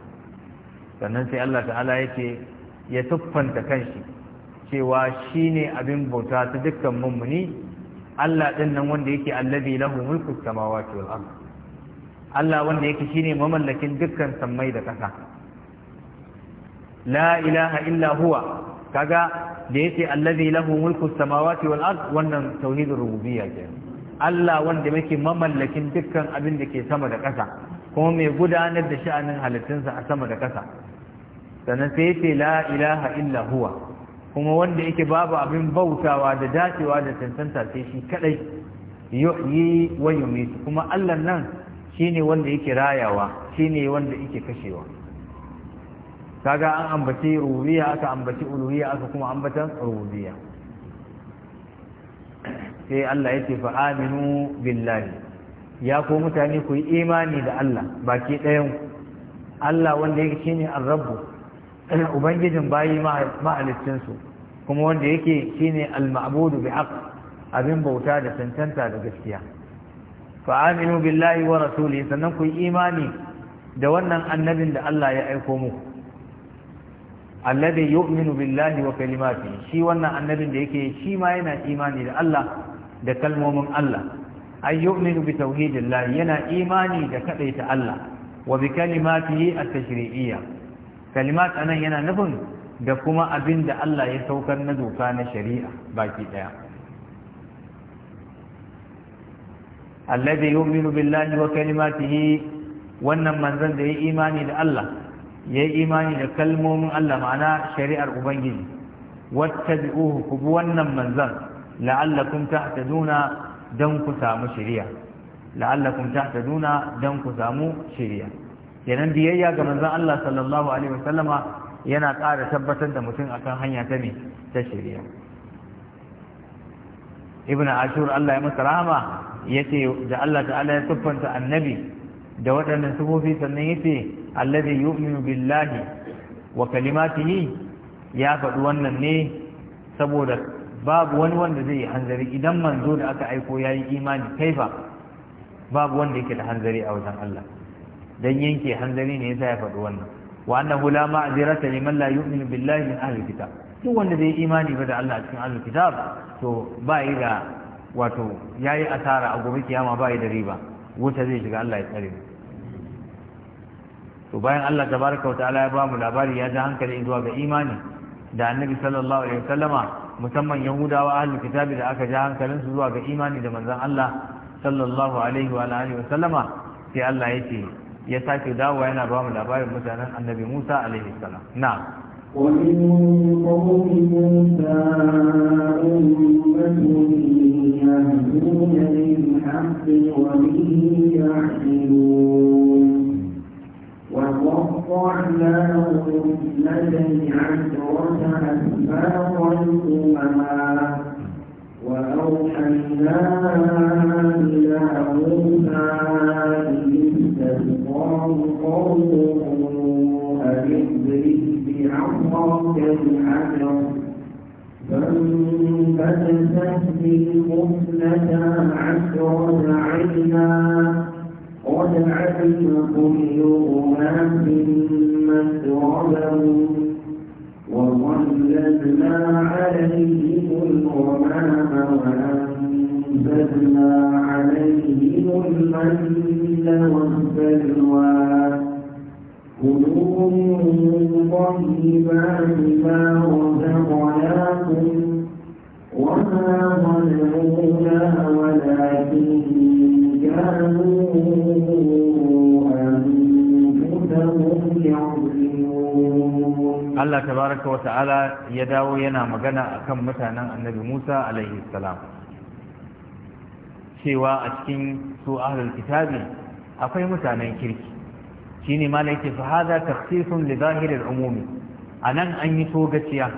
sannan sai Allah ta'ala yake ya tuffanta shi. cewa shine abin bauta ta dukkan mummuni Allah ɗin nan wanda yake allazi lahu mulku samawati wal ard Allah wanda yake shine mamallakin dukkan sammai da ƙasa la ilaha illa huwa kaga da yake allazi lahu mulku samawati wal ard wannan tauhidur rububiyya ke Allah wanda yake mamallakin dukkan abin da ke sama da ƙasa kuma mai gudanar da sha'anin halittunsa a sama da ƙasa sannan sai yace la ilaha illa huwa kuma wanda yake babu abin bautawa da dacewa da tantanta sai shi kadai yuhyi wa yumit kuma Allah nan shine wanda yake rayawa shine wanda yake kashewa kaga an ambaci rububiyya aka ambaci uluhiyya aka kuma ambatan rububiyya sai Allah yake fa aminu billahi ya ko mutane ku yi imani da Allah baki ɗayan Allah wanda yake shine ar-rabb ubangijin bayi ma'alicinsu kuma wanda yake shine al maabudu bi haqq abin bauta da tantanta da gaskiya fa aminu billahi wa Rasuli, sannan ku imani da wannan annabin da Allah ya aiko muku alladhi yu'minu billahi wa kalimatihi shi wannan annabin da yake shi ma yana imani da Allah da kalmomin Allah ay yu'minu bi tauhidillahi yana imani da kadaita Allah wa bi kalimatihi at-tashri'iyya kalimat anan yana nufin da kuma abin da Allah ya saukar na doka na shari'a baki daya alladhi yu'minu billahi wa kalimatihi wannan manzon da ya imani da Allah ya imani da kalmomin Allah ma'ana shari'ar ubangiji wattabi'uhu ku bi wannan manzon la'allakum tahtaduna dan ku samu shari'a la'allakum tahtaduna dan ku samu shari'a Yanan biyayya ga manzon Allah sallallahu alaihi wasallama yana ƙara tabbatar da mutum akan hanya ta ne ta shari'a ibn ashur Allah ya masa rahama yace da Allah ta'ala ya siffanta annabi da waɗannan sufofi sannan yace allazi yu'minu billahi wa kalimatihi ya faɗi wannan ne saboda babu wani wanda zai yi hanzari idan manzo da aka aiko yayi imani kaifa babu wanda yake da hanzari a wajen Allah dan yanke hanzari ne yasa ya faɗi wannan wa annahu hula ma'zirata liman la yu'minu billahi min ahli kitab duk wanda zai imani ba da Allah cikin ahli kitab to ba yi da wato yayi asara a gobe kiyama ba yi da riba wuta zai shiga Allah ya tsare to bayan Allah tabaraka wa ta'ala ya ba mu labari ya ji hankali zuwa ga imani da annabi sallallahu alaihi wasallama musamman yahudawa ahli kitabi da aka ja hankalinsu zuwa ga imani da manzon Allah sallallahu alaihi wa alihi wasallama sai Allah yake ya sake dawowa yana ba mu labarin mutanen annabi Musa alaihi salam na'am ومن قوم موسى أمة يهدون بالحق وبه يعدلون وقطعناهم اثنتي عشرة أسباطا أمما وأوحينا إلى موسى إذ استسقاه قومه أن بعصاك الحجر فانبتست منه اثنتا عشرة عينا قد علم كل أناس مسربهم وظللنا عليهم الغمام وأنزلنا عليهم المن والبلوى كلوا من طيبات ما رزقناكم وما ظلمونا ولكن كانوا أنفسهم يظلمون Allah tabaraka wa ta'ala ya dawo yana magana akan mutanen annabi Musa alaihi salam cewa a cikin su ahlul kitabi akwai mutanen kirki shine ma yake fa hadha takhsisun li zahiril umumi anan an yi togaciya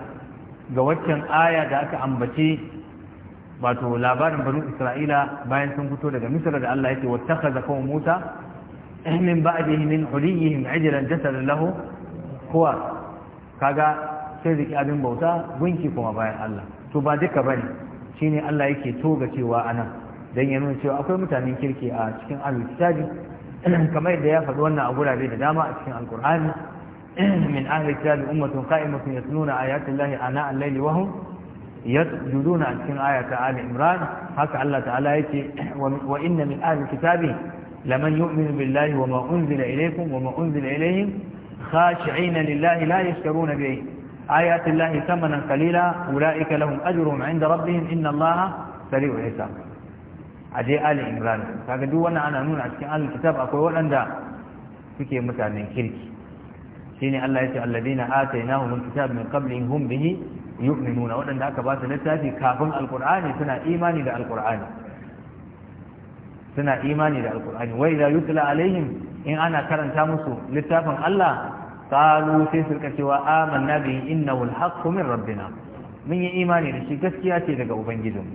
ga waccan aya da aka ambace wato labarin banu isra'ila bayan sun fito daga misra da Allah yake wattakhadha qawm Musa min ba'dihi min huliyihim ajlan jasadan lahu huwa kaga sai riki abin bauta gunki kuma bayan Allah to ba duka bane shine Allah yake toga cewa anan dan ya nuna cewa akwai mutanen kirki a cikin kitabi. [clears throat] kamar yadda ya faɗi wannan a gurabe da dama a cikin alkur'ani [clears throat] min ahli kitabi ummatun qa'imatun yatluna ayati ana al-layli wa hum yasjuduna a cikin ayata ali imran haka Allah ta'ala yake [clears throat] wa inna min ahli kitabi laman yu'minu billahi wa ma unzila ilaykum wa ma unzila ilayhim خاشعين لله لا يشترون به آيات الله ثمنا قليلا أولئك لهم أجرهم عند ربهم إن الله سريع الحساب أجي آل إمران kaga duk wannan ana nuna a cikin al kitab akwai waɗanda suke mutanen kirki shine Allah yace alladina atainahum alkitab min qablihim hum bihi yu'minuna waɗanda aka basu littafi kafin alqur'ani suna imani da alqur'ani Wai imani da alqur'ani alaihim in ana karanta musu littafin Allah Kalu sai su rika cewa na bihi innahu alhaqqu min rabbina mun yi imani da shi gaskiya ce daga ubangijinmu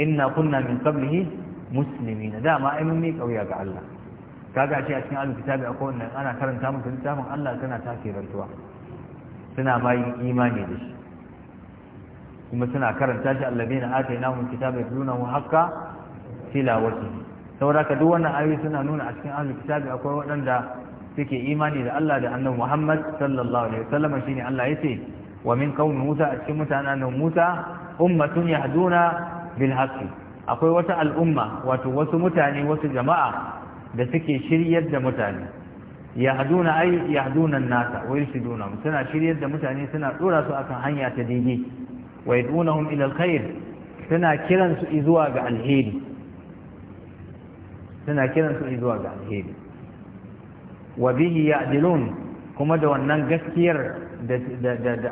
inna kunna min qablihi muslimina ma ai mun miƙa wuya ga Allah kaga ce a cikin alkitabi akwai wannan ana karanta tun littafin Allah tana tasirantuwa suna bayin imani da shi kuma suna karanta shi allazina atainahum kitaba yatlunahu haqqa tilawatihi saboda duk wannan ayoyi suna nuna a cikin ahlul kitabi akwai waɗanda suke imani da Allah da annabi Muhammad sallallahu alaihi wasallam shine Allah yace wa min qaumi Musa a cikin mutanen annabi Musa ummatun yahduna bil haqq akwai wata al'umma wato wasu mutane wasu jama'a da suke shiryar da mutane yahduna ai yahduna an-nasa wa yurshiduna suna shiryar da mutane suna dora su akan hanya ta daidai wa yad'unahum ila al-khair suna kiransu izuwa ga alheri suna kiransu izuwa ga alheri wa bihi ya'dilun kuma da wannan gaskiyar da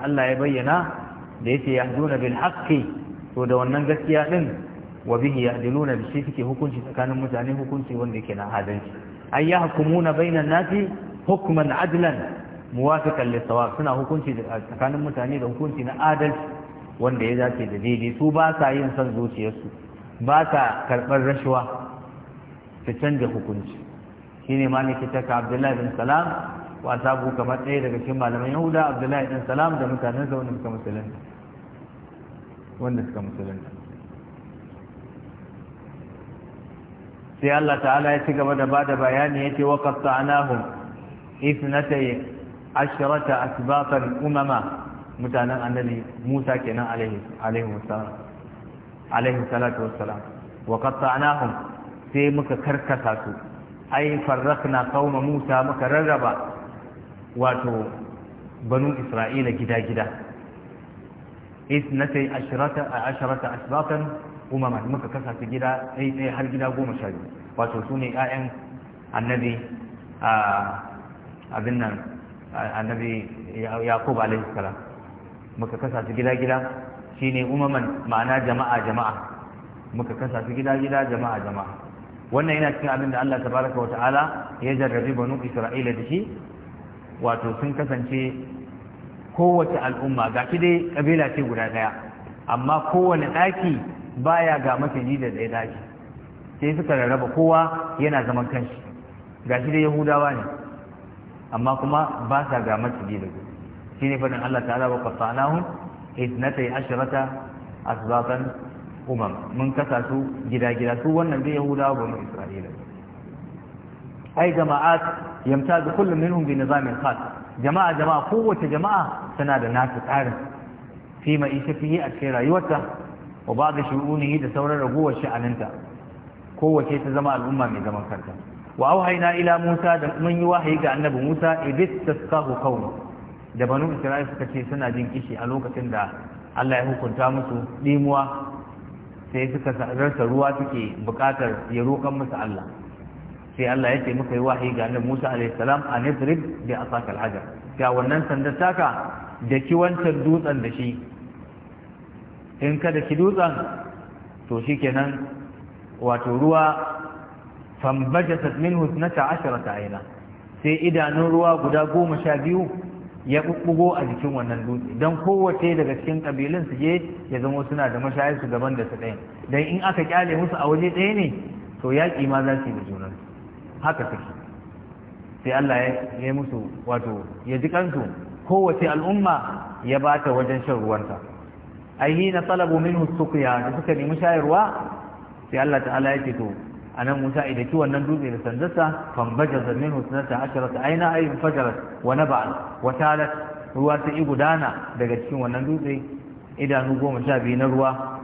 Allah ya bayyana da yace yahduna bil haqqi to da wannan gaskiya din wa bihi ya'diluna shi hukunci tsakanin mutane hukunci wanda yake na adalci ay yahkumuna bainan nasi hukman adlan muwafiqan lisawab suna hukunci tsakanin mutane da hukunci na adalci wanda ya dace da daidai su ba sa yin son zuciyarsu ba sa karɓar rashuwa su canza hukunci shine Maliki ta ka abdullahi bin salam wa sabu kamar ɗaya daga cikin malaman yahuda abdullahi bin salam da mutanen sa wanda suka musulunta wanda suka musulunta sai Allah ta'ala ya ci gaba da bada bayani yace wa qatta'nahum ithnatay ashrata asbatan umama mutanen annabi Musa kenan alaihi alaihi wasallam alaihi salatu wassalam wa qatta'nahum sai muka karkasa su ai farrakna qauma Musa muka rarraba wato banu Isra'ila gida-gida is na nasai a ashrata asbatan umama muka kasa su gida sai sai har gida goma sha biyu wato sune ƴaƴan annabi abin nan annabi yaqub alaihi salam muka kasa su gida-gida shine umaman ma'ana jama'a jama'a muka kasa su gida-gida jama'a jama'a wannan yana cikin abin da Allah baraka wa ta'ala ya jarrabi banu Isra'ila da shi wato sun kasance kowace al'umma ga shi dai kabila ce guda daya amma kowane daki baya ga masani da ɗaya daki sai suka rarraba kowa yana zaman kanshi ga shi dai Yahudawa ne amma kuma ba sa ga masani da shi ne fadin Allah ta'ala wa qasanahum ithnatay ashrata asbatan umam mun kasa su gida-gida su wannan zai yahuda ba mu isra'ila ai jama'at yamta da kullum minhum bi nizamin khas jama'a jama'a kowace jama'a tana da nasu tsarin fi ma isha fiye a cikin rayuwarta wa ba da shu'unihi da sauran ragowar sha'aninta kowace ta zama al'umma mai zaman kanta wa auhayna ila musa da mun yi wahayi ga annabi musa idis tasqahu qawmi da banu isra'ila suka ce suna jin kishi a lokacin da Allah ya hukunta musu dimuwa sai suka rasa ruwa suke bukatar ya roƙon masa Allah sai Allah ya ce muka yi wahayi ga annabi Musa alaihi salam a Nisrib bi asakal hajar ga wannan sandar taka da ki wancan dutsen da shi in kada ki dutsen to shikenan wato ruwa fambajasat minhu 12 aina sai idanun ruwa guda goma sha biyu ya bubbugo a jikin wannan dutse don kowace daga cikin kabilun su je ya zama suna da mashayar su gaban da su ɗayan don in aka kyale musu a waje ɗaya ne to yaƙi ma za su yi da junan haka suke sai Allah ya yi musu wato ya ji kansu kowace al'umma ya ba ta wajen shan ruwanta ai na talabu minhu suqya da suka nemi shayarwa sai Allah ta'ala ya ce to anan Musa idan ki wannan dutse da sandarsa fambaja zamin husnata asharata aina ay fajarat wa naba'at wa talat ruwa ta yi gudana daga cikin wannan dutse idanu goma sha biyu na ruwa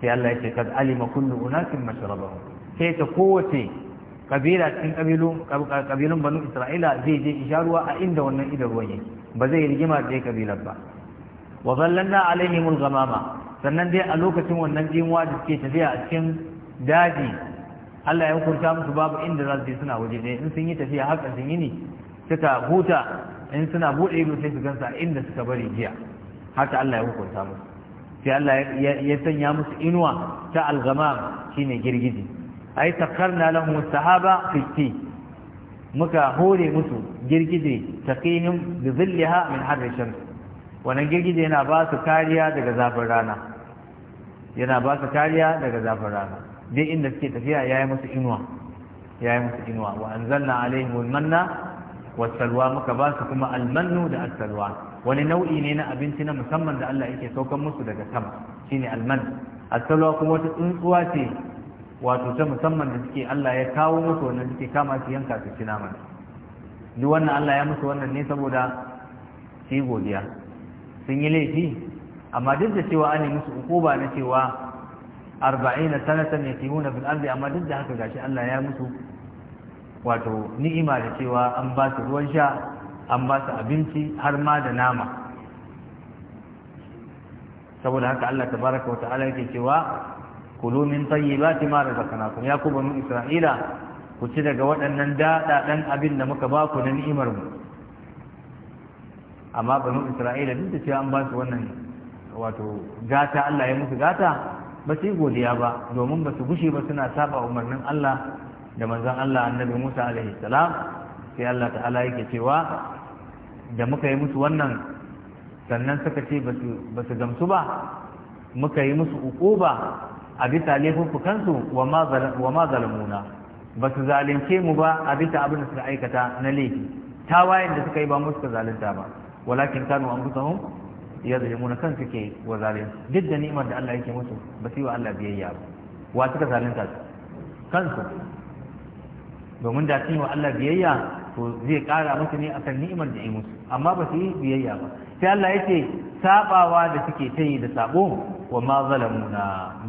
sai Allah ya ce kad alima kullu unasin mashrabahum sai ta kowace kabila cikin kabilun kabilun banu Isra'ila zai je isharuwa a inda wannan idan ruwan yake ba zai rigima da kabilar ba wa zallanna alaihimul ghamama sannan dai a lokacin wannan jimuwa da suke tafiya a cikin daji Allah ya hukunta musu babu inda za su je suna waje ɗaya in sun yi tafiya haka sun yi ne suka huta in suna buɗe ido sai su gansa inda suka bari jiya haka Allah ya hukunta musu sai Allah ya sanya musu inuwa ta algama shine girgiji ai takarna lahum sahaba fitti muka hore musu girgije taqihim bi zillaha min harri shams wannan girgije yana ba su kariya daga zafin rana yana ba su kariya daga zafin rana duk inda suke tafiya ya yi musu inuwa ya yi musu inuwa wa anzalna alaihim almanna wasalwa muka ba su kuma almannu da asalwa wani nau'i ne na abinci na musamman da Allah yake saukan musu daga sama shine alman asalwa kuma wata tsuntsuwa ce wato ta musamman da suke Allah ya kawo musu wannan suke kama su yanka su ci naman duk wannan Allah ya musu wannan ne saboda su yi godiya sun yi laifi amma duk da cewa an yi musu ukuba na cewa arba'ina sanatan yatimuna fil ardi amma duk da haka gashi Allah ya musu wato ni'ima da cewa an ba su ruwan sha an ba su abinci har ma da nama saboda haka Allah tabaraka wa ta'ala yake cewa kulu min tayyibati ma razaqnakum ya ku isra'ila ku ci daga waɗannan daɗaɗen abin da muka ba ku na ni'imar mu amma banu isra'ila duk da cewa an ba su wannan wato gata Allah ya musu gata ba su yi godiya ba domin ba su gushe ba suna saba umarnin Allah da manzan Allah annabi Musa alaihi salam sai Allah ta'ala yake cewa da muka yi musu wannan sannan suka ce ba su gamsu ba muka yi musu ba a bisa laifuffukansu wa ma zalamuna ba su zalunce mu ba a bisa abin da suka aikata na laifi tawayen da suka yi ba mu suka zalunta ba walakin kanu anfusahum ya zalimuna kan suke wa zalunci duk da ni'imar da Allah yake musu ba su yi wa Allah biyayya ba wa suka zalunta su kansu domin da sun yi wa Allah biyayya to zai kara musu ne akan ni'imar da ya musu amma ba su yi biyayya ba sai Allah yake sabawa da suke ta yi da sabo wa ma zalamuna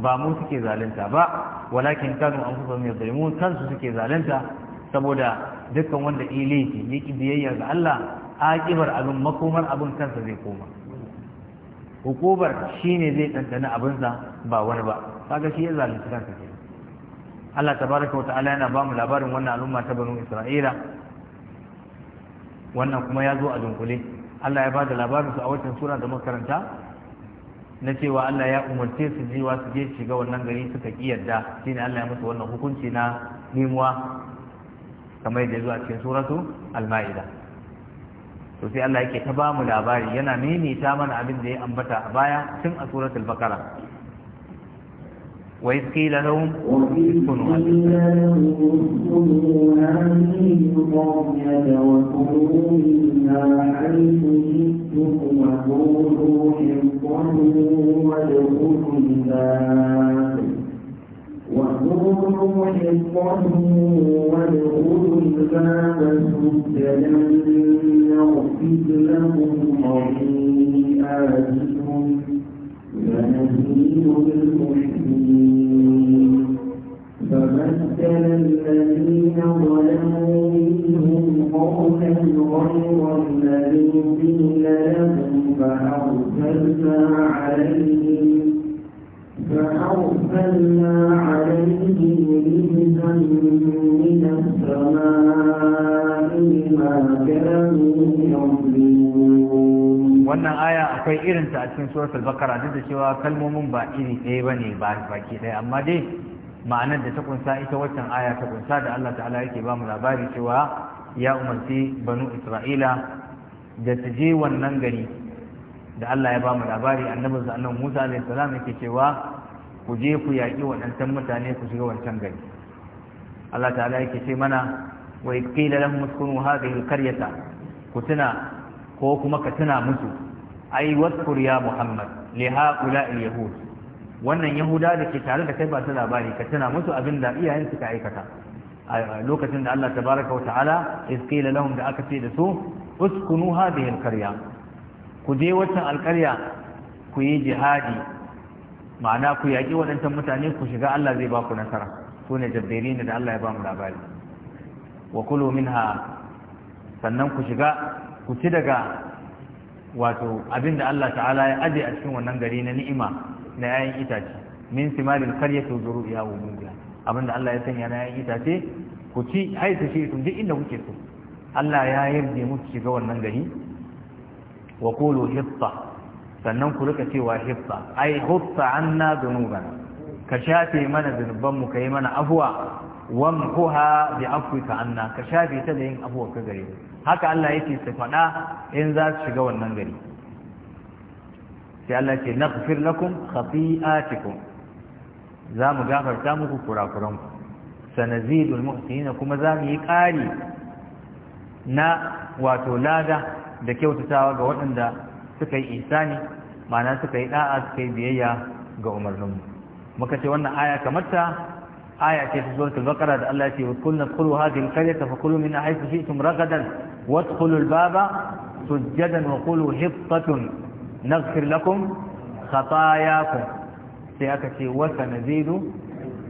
ba mu suke zalunta ba walakin kanu anfusahum yadhlimun kansu suke zalunta saboda dukkan wanda ilaifi yake biyayya ga Allah aƙibar abin makomar abin kansa zai koma hukubar shine zai ɗanɗana abinsa ba wani ba kaga shi ya zalunci kansa ke Allah tabaraka wa ta'ala yana ba mu labarin wannan al'umma ta banu Isra'ila wannan kuma ya zo a dunkule Allah ya ba da su a watan sura da makaranta na cewa Allah ya umarce su jiwa su je shiga wannan gari suka ki yarda shine Allah ya musu wannan hukunci na nimuwa kamar yadda ya zo a cikin suratu al maidah to sai Allah yake ta ba mu labari yana maimaita mana abin da ya ambata a baya tun a suratul baqara wa iz qila lahum kunu wa ضيقا وادخلوا الباب سجدا يغفر لكم ونزيد المحسنين فمثل الذين ظلموا منهم قولا غير الذي لهم فأرسلنا عليهم wannan aya akwai irinta a cikin suratul bakara duk da cewa kalmomin ba iri ɗaya ba ne ba baki ɗaya amma dai ma'anar da ta kunsa ita waccan aya ta kunsa da Allah ta'ala yake ba mu labari cewa ya umarci banu isra'ila da su je wannan gari da Allah ya ba mu labari annabinsa annabi Musa alaihi salam yake cewa ku je ku yaƙi waɗancan mutane ku shiga wancan gari Allah ta'ala yake ce mana wa qila lahum uskunu hadhihi alqaryata ku tuna ko kuma ka tuna musu ai wadkur ya Muhammad li haula alyahud wannan yahuda da ke tare da kai ba su labari ka tuna musu abin da iyayen suka aikata a lokacin da Allah tabaraka wa ta'ala iz lahum da aka ce da su uskunu hadhihi alqarya ku je wancan alƙarya ku yi jihadi ma'ana ku yaƙi waɗancan mutane ku shiga Allah zai ba ku nasara su ne jabberi ne da Allah ya ba mu labari wa kulu minha sannan ku shiga ku ci daga wato abin da Allah ta'ala ya aje a cikin wannan gari na ni'ima na yayin itace min simalil qaryati zuru'iha wa mumbiha abin da Allah ya sanya na yayin itace ku ci haita shi duk inda kuke so Allah ya yarda muku shiga wannan gari wa qulu hitta sannan ku rika cewa hitta ai hutta anna dhunubana ka shafe mana zunuban mu kai mana afwa wamkuha bi afwika anna ka shafe ta da yin afwa ka gare haka Allah yake su faɗa in za su shiga wannan gari sai Allah ce naghfir lakum khati'atikum za mu gafarta muku kurakuran ku sanazidul muhsinina kuma za mu yi ƙari na wato lada da kyautatawa ga waɗanda suka yi isani ma'ana suka yi ɗa'a, suka yi biyayya ga umarninmu muka ce wannan aya kamar ta aya ce ta suratul baqara da Allah ya ce wa kullu kullu hadhihi al-qaryata fa kullu min haythu shi'tum ragadan wadkhulu al-baba sujjadan wa qulu hiftatun naghfir lakum khatayakum sai aka ce wa sanazidu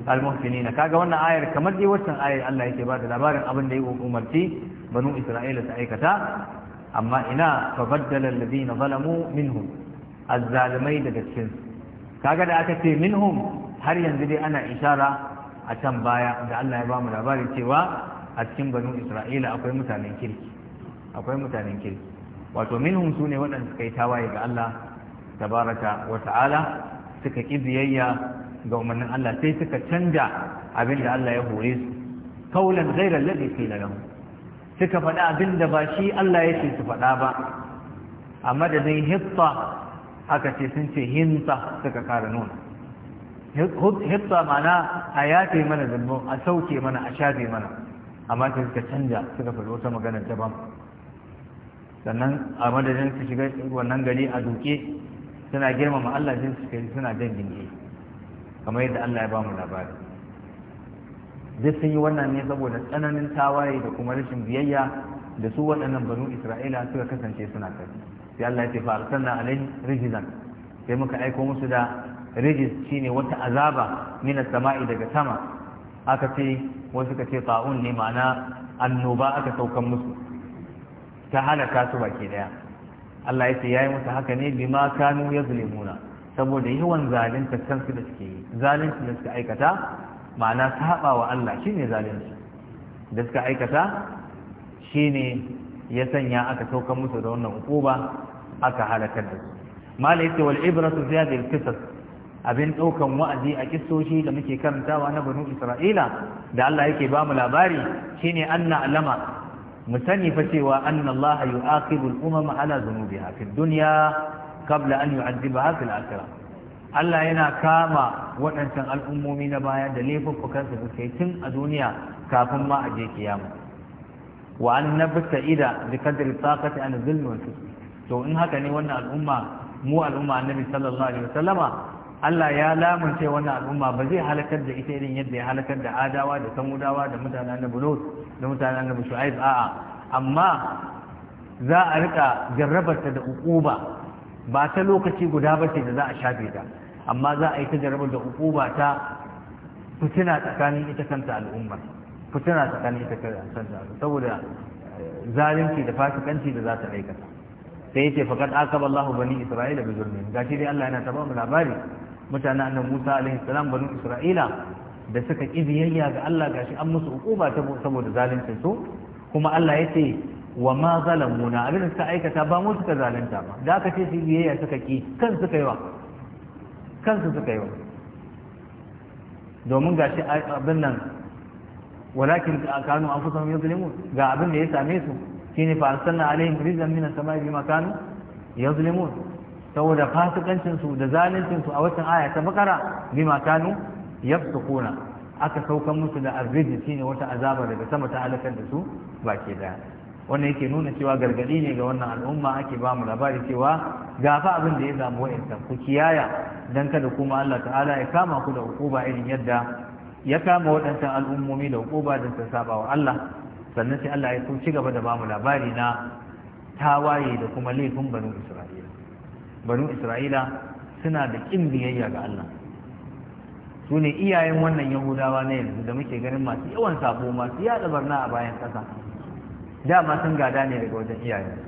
al-muhsinina kaga wannan ayar kamar dai wannan ayar Allah yake ba da labarin abin da ya umarci banu Isra'ila ta aikata amma ina fa baddala alladhina zalamu minhum azzalimai daga cikin kaga da aka ce minhum har yanzu dai ana ishara a can baya da Allah ya bamu labari cewa a cikin banu Isra'ila akwai mutanen kirki akwai mutanen kirki wato minhum sune waɗanda suka yi tawaye ga Allah tabaraka wa ta'ala suka ki biyayya ga umarnin Allah sai suka canja abin da Allah ya hore su kaulan ghairal ladhi qila lahum suka faɗi abin da ba shi Allah ya ce su faɗa ba a madadin hitsa aka ce sun ce hinsa suka kara nuna hitsa mana a yafe mana zambon a sauke mana a shafe mana amma sai suka canja suka faɗi wata magana daban sannan a madadin su shiga wannan gari a duke suna girmama Allah jinsu suna jan dinge kamar yadda Allah ya ba mu labari duk sun yi wannan ne saboda tsananin tawaye da kuma rashin biyayya da su waɗannan banu isra'ila suka kasance suna kai sai Allah ya ce fa arsalna alaihim rijizan sai muka aiko musu da rijiz shine wata azaba min samai daga sama aka ce wasu suka ce ta'un ne ma'ana annoba aka saukan musu ta halaka su baki daya Allah ya ce yayi musu haka ne bima kanu yazlimuna saboda yawan zalunta kansu da suke yi zalunci da suka aikata ma'ana saba wa Allah shine zalunci da suka aikata shine ya sanya aka saukar musu da wannan hukuma aka halakar da su malai yace wal ibratu fi hadhihi al-qisas abin daukan wa'azi a kissoshi da muke karantawa na banu isra'ila da Allah yake ba mu labari shine anna alama mu sani fa cewa anna Allah yu'aqibu al-umama ala dhunubiha fi dunya qabla an yu'adhibaha fil akhirah Allah yana kama waɗancan al'ummomi na baya da laifuffukansu da suke tun a duniya kafin ma a je kiyama wa an bisa ida bi kadri taqati an zulmun to in haka ne wannan al'umma mu al'umma annabi sallallahu alaihi wasallama Allah ya lamunce wannan al'umma ba zai halakar da ita irin yadda ya halakar da adawa da samudawa da mutanen na bulut da mutanen na shu'aib a'a amma za a rika jarrabarta da ukuba ba ta lokaci guda ba ce da za a shafe ta amma za a yi ta jarabar da hukuma ta fitina tsakanin ita kanta al'umma fitina tsakanin ita kanta saboda eh, zalunci da fasikanci da za ta aikata sai yace faqad akaba Allahu bani Isra'ila bi zulmihim gashi dai Allah yana ta mu labari mutanen annabi Musa alaihi salam bani Isra'ila da suka kibiyayya ga Allah gashi an musu hukuma saboda zaluncin su kuma Allah yace wa ma zalamuna abin da suka aikata ba mu suka zalunta ba da aka ce su yayya suka ki kan suka yi wa kansu suka yi wa domin gashi abin nan walakin kanu an kusa mai zulimu ga abin da ya same su shine fa arsalna alaihim rizqan min as-sama'i bima kanu yazlimun saboda fasikancin su da zaluncin su a watan aya ta bakara bima kanu yafsukuna aka saukan musu da arziki shine wata azaba daga sama ta halakar da su baki daya wannan yake nuna cewa gargadi ne ga wannan al'umma ake ba mu labari cewa gafa abin da ya samu wa'insa ku kiyaya dan kada kuma Allah ta'ala ya kama ku da hukuma irin yadda ya kama waɗancan al'ummomi da hukuma don ta saba wa Allah sannan sai Allah ya so ci gaba da ba mu labari na tawaye da kuma laifin banu Isra'ila banu Isra'ila suna da kin biyayya ga Allah su ne iyayen wannan Yahudawa na yanzu da muke ganin masu yawan sabo masu yaɗa barna a bayan ƙasa dama sun gada ne daga wajen iyayen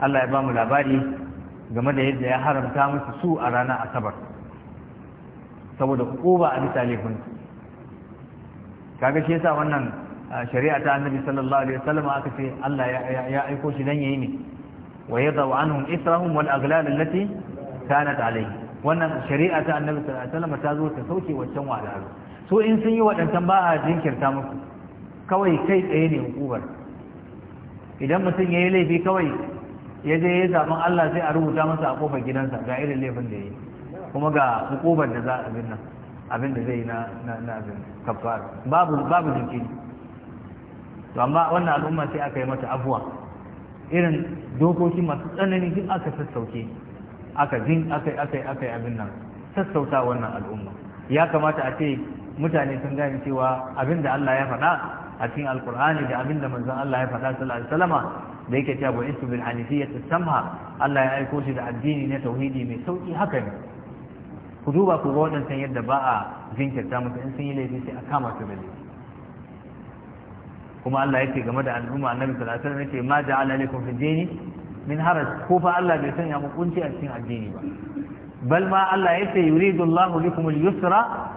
Allah ya ba mu labari game da yadda ya haramta musu su a ranar asabar saboda ba a bisa laifin kaga shi yasa wannan shari'a ta annabi sallallahu alaihi wasallam aka ce Allah ya aiko shi dan yayi ne wa yadau anhum israhum wal aghlal allati kanat alayhi wannan shari'a ta annabi sallallahu alaihi wasallam ta zo ta sauke waccan wahala so in sun yi wadannan ba a jinkirta musu kawai kai tsaye ne hukumar idan mutum ya yi laifi kawai ya je ya zaɓin Allah sai a rubuta masa a kofar gidansa ga irin laifin da ya yi kuma ga hukumar da za a abin nan abin da zai yi na abin kafar babu babu jinkiri to amma wannan al'umma sai aka yi mata afuwa irin dokoki masu tsanani duk aka sassauke aka jin aka aka aka abin nan sassauta wannan al'umma ya kamata a ce mutane sun gane cewa abin da Allah ya faɗa a cikin alkur'ani da abinda manzon Allah ya faɗa sallallahu alaihi wasallama da yake cewa bu'istu bil hanifiyati samha Allah ya aiko shi da addini na tauhidi mai sauki haka ne ku duba ku ga waɗannan yadda ba a jinkirta musu in sun yi laifi sai a kama su da laifi kuma Allah yake game da al'umma annabi sallallahu alaihi wasallam yake ma ja'ala lakum fi dini min haraj ko fa Allah bai sanya mu kunci a cikin addini ba bal ma Allah yake yuridu Allahu lakum al-yusra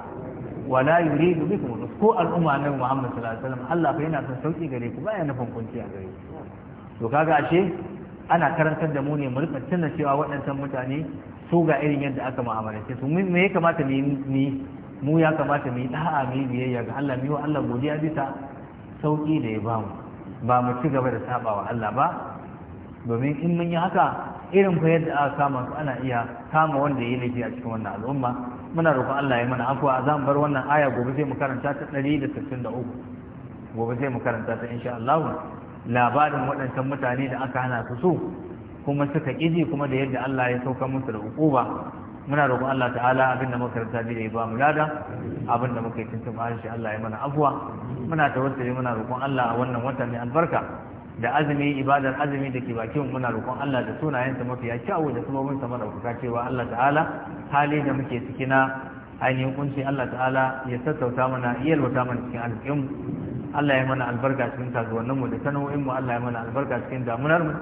wala yuridu bikum ko al'umma na Muhammad sallallahu alaihi wasallam Allah fa yana son sauki gare ku baya nufin a gare ku to kaga ashe ana karantar da mu ne mu rika tuna cewa waɗannan mutane su ga irin yadda aka mu'amalance su me ya kamata mu ni mu ya kamata mu yi da'a mu yi biyayya ga Allah mu yi wa Allah godiya bisa sauki da ya bamu ba mu ci gaba da sabawa Allah ba domin in mun yi haka irin fa yadda aka kama su ana iya kama wanda ya yi laifi a cikin wannan al'umma muna roƙon Allah ya mana afuwa za mu bar wannan aya gobe sai mu karanta ta 163 gobe sai mu karanta ta insha Allah labarin waɗancan mutane da aka hana su so kuma suka ƙiji kuma da yadda Allah ya sauka musu da hukuma muna roƙon Allah ta'ala abin da muka karanta da ya ba mu lada abin da muka yi tuntun ba shi Allah ya mana afuwa muna tawassuli muna roƙon Allah a wannan watan mai albarka da azumi ibadar azumi da ke bakin muna roƙon Allah da sunayensa mafiya kyawu da sama madaukaka cewa Allah ta'ala hali da muke ciki na ainihin kunci Allah ta'ala ya sassauta mana iya wata mana cikin arzikin Allah ya mana albarka cikin tazuwannin mu da sano'in mu Allah ya mana albarka cikin damunar mu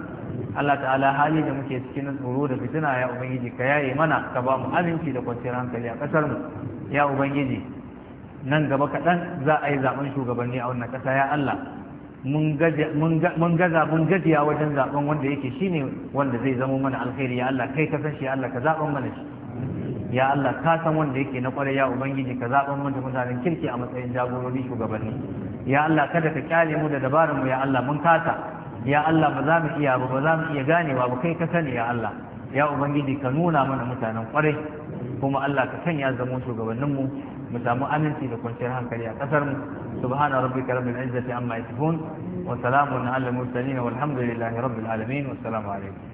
Allah ta'ala hali da muke cikin tsoro da fitina ya ubangiji ka yaye mana ka ba mu aminci da kwanciyar hankali a kasar mu ya ubangiji nan gaba kaɗan za a yi zaɓen shugabanni a wannan ƙasa ya Allah mun gaza mun gajiya wajen zaben wanda yake shine wanda zai zama mana alkhairi ya Allah kai ka san shi Allah ka zaben mana shi ya Allah ka san wanda yake na kwarai ya ubangiji ka zaben mana mutanen kirki a matsayin jagorori shugabanni ya Allah kada ka kyale mu da dabarar mu ya Allah mun kasa ya Allah ba za mu iya ba ba za mu iya ganewa ba kai ka sani ya Allah ya ubangiji ka nuna mana mutanen kwarai kuma Allah ka sanya shugabannin mu. mu samu aminci da kwanciyar hankali a kasar mu subhana rabbika rabbil izzati amma yasifun wa salamun ala mursalin walhamdulillahi rabbil alamin wassalamu alaikum